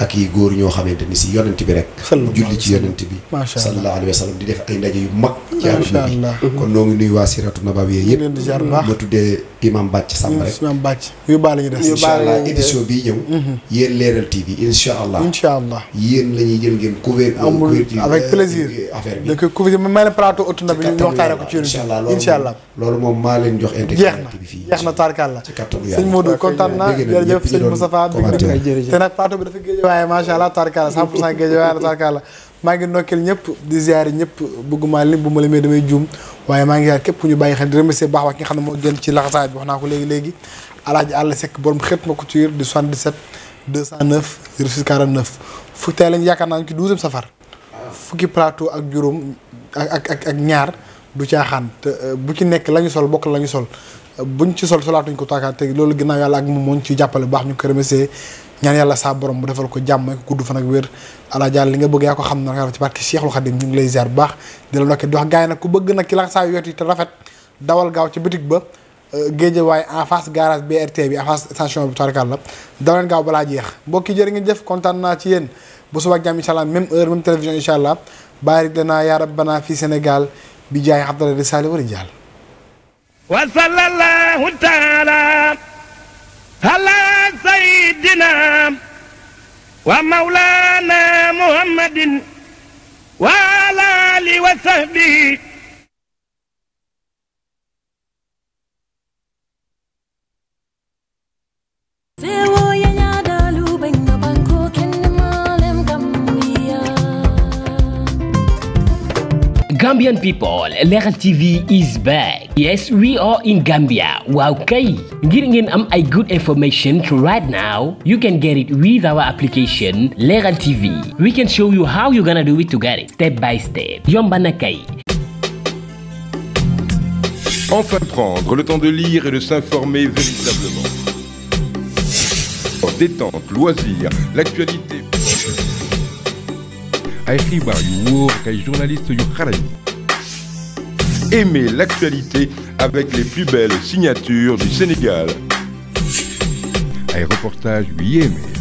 ak yi góor ñoo xamante ni si yonent bi rek julli ci yonent bi sallallahu alayhi wa sallam di def ay ndaje yu mag ci bi kon noo ngi nuyu waa siratu nabawiya yëpp ma tuddee imam bàcc sàmm rek imam bàcc yu baal ñu des incha allah édition bii ñëw mhm. yéen leeral la ñuy jël ngeen couvrir euh, amul euh, avec plaisir euh, affaire bi donc couvrir may na plateau ñu waxtaane ko ci yonent bi incha bi fii jeex na tarkal la kontaan naa te nag plateau bi dafa géej waaye macha allah tarkaala 100 pour cent Guédiawaye la tarkaala maa ngi ndokkeel ñëpp di ziare ñëpp bëgguma lim bu ma limee damay juum waaye maa ngi ziare képp ku ñu bàyyi xel di remercier baax waa ki nga xam ne moo jël ci laxasaay bi wax naa ko léegi léegi alaaji àll sekk borom xët ma couture di 77 209 06 49 fukki tey lañ yaakaar naa ñu ci 12e safar fukki plateau ak juróom ak ak ak ñaar du caaxaan te euh, bu ci nekk la ñu sol bokk la ñu sol buñ ci sol solaatuñ ko taakaan te loolu ginnaaw yàlla ak moom moo ñu ciy jàppale baax ñu ko ñaan yàlla saa borom mu defal ko jàmm ko gudd fan ak wér ala jàll li nga bëgg yaa ko xam na ci barke Cheikhul Khadim ñu ngi lay ziar bu baax di la ndokkee di wax gars yi nag ku bëgg nag ki la saa yot yi te rafet dawal gaaw ci boutique ba euh, Guédiawaye en face garage BRT bi en face station bi tarkal la daw leen gaaw balaa jeex mbokki jërë ngeen jëf kontaan naa ci yéen bu subaa jàmm incha allah heure même télévision incha allah baarik lana سيدنا ومولانا محمد وعلى آله وصحبه Farewell. Gambian people Leral TV is back yes we are in Gambia waaw kay ngir ngeen am ay good information right now you can get it with our application Leral TV we can show you how you gonna to get it step by step yomba na kay enfin prendre le temps de lire et de s'informer véritablement détente loisirs l'actualité ay xibaar yu wóor ak ay journalistes yu l'actualité avec les plus belles signatures du Sénégal. ay reportages yu yéeme.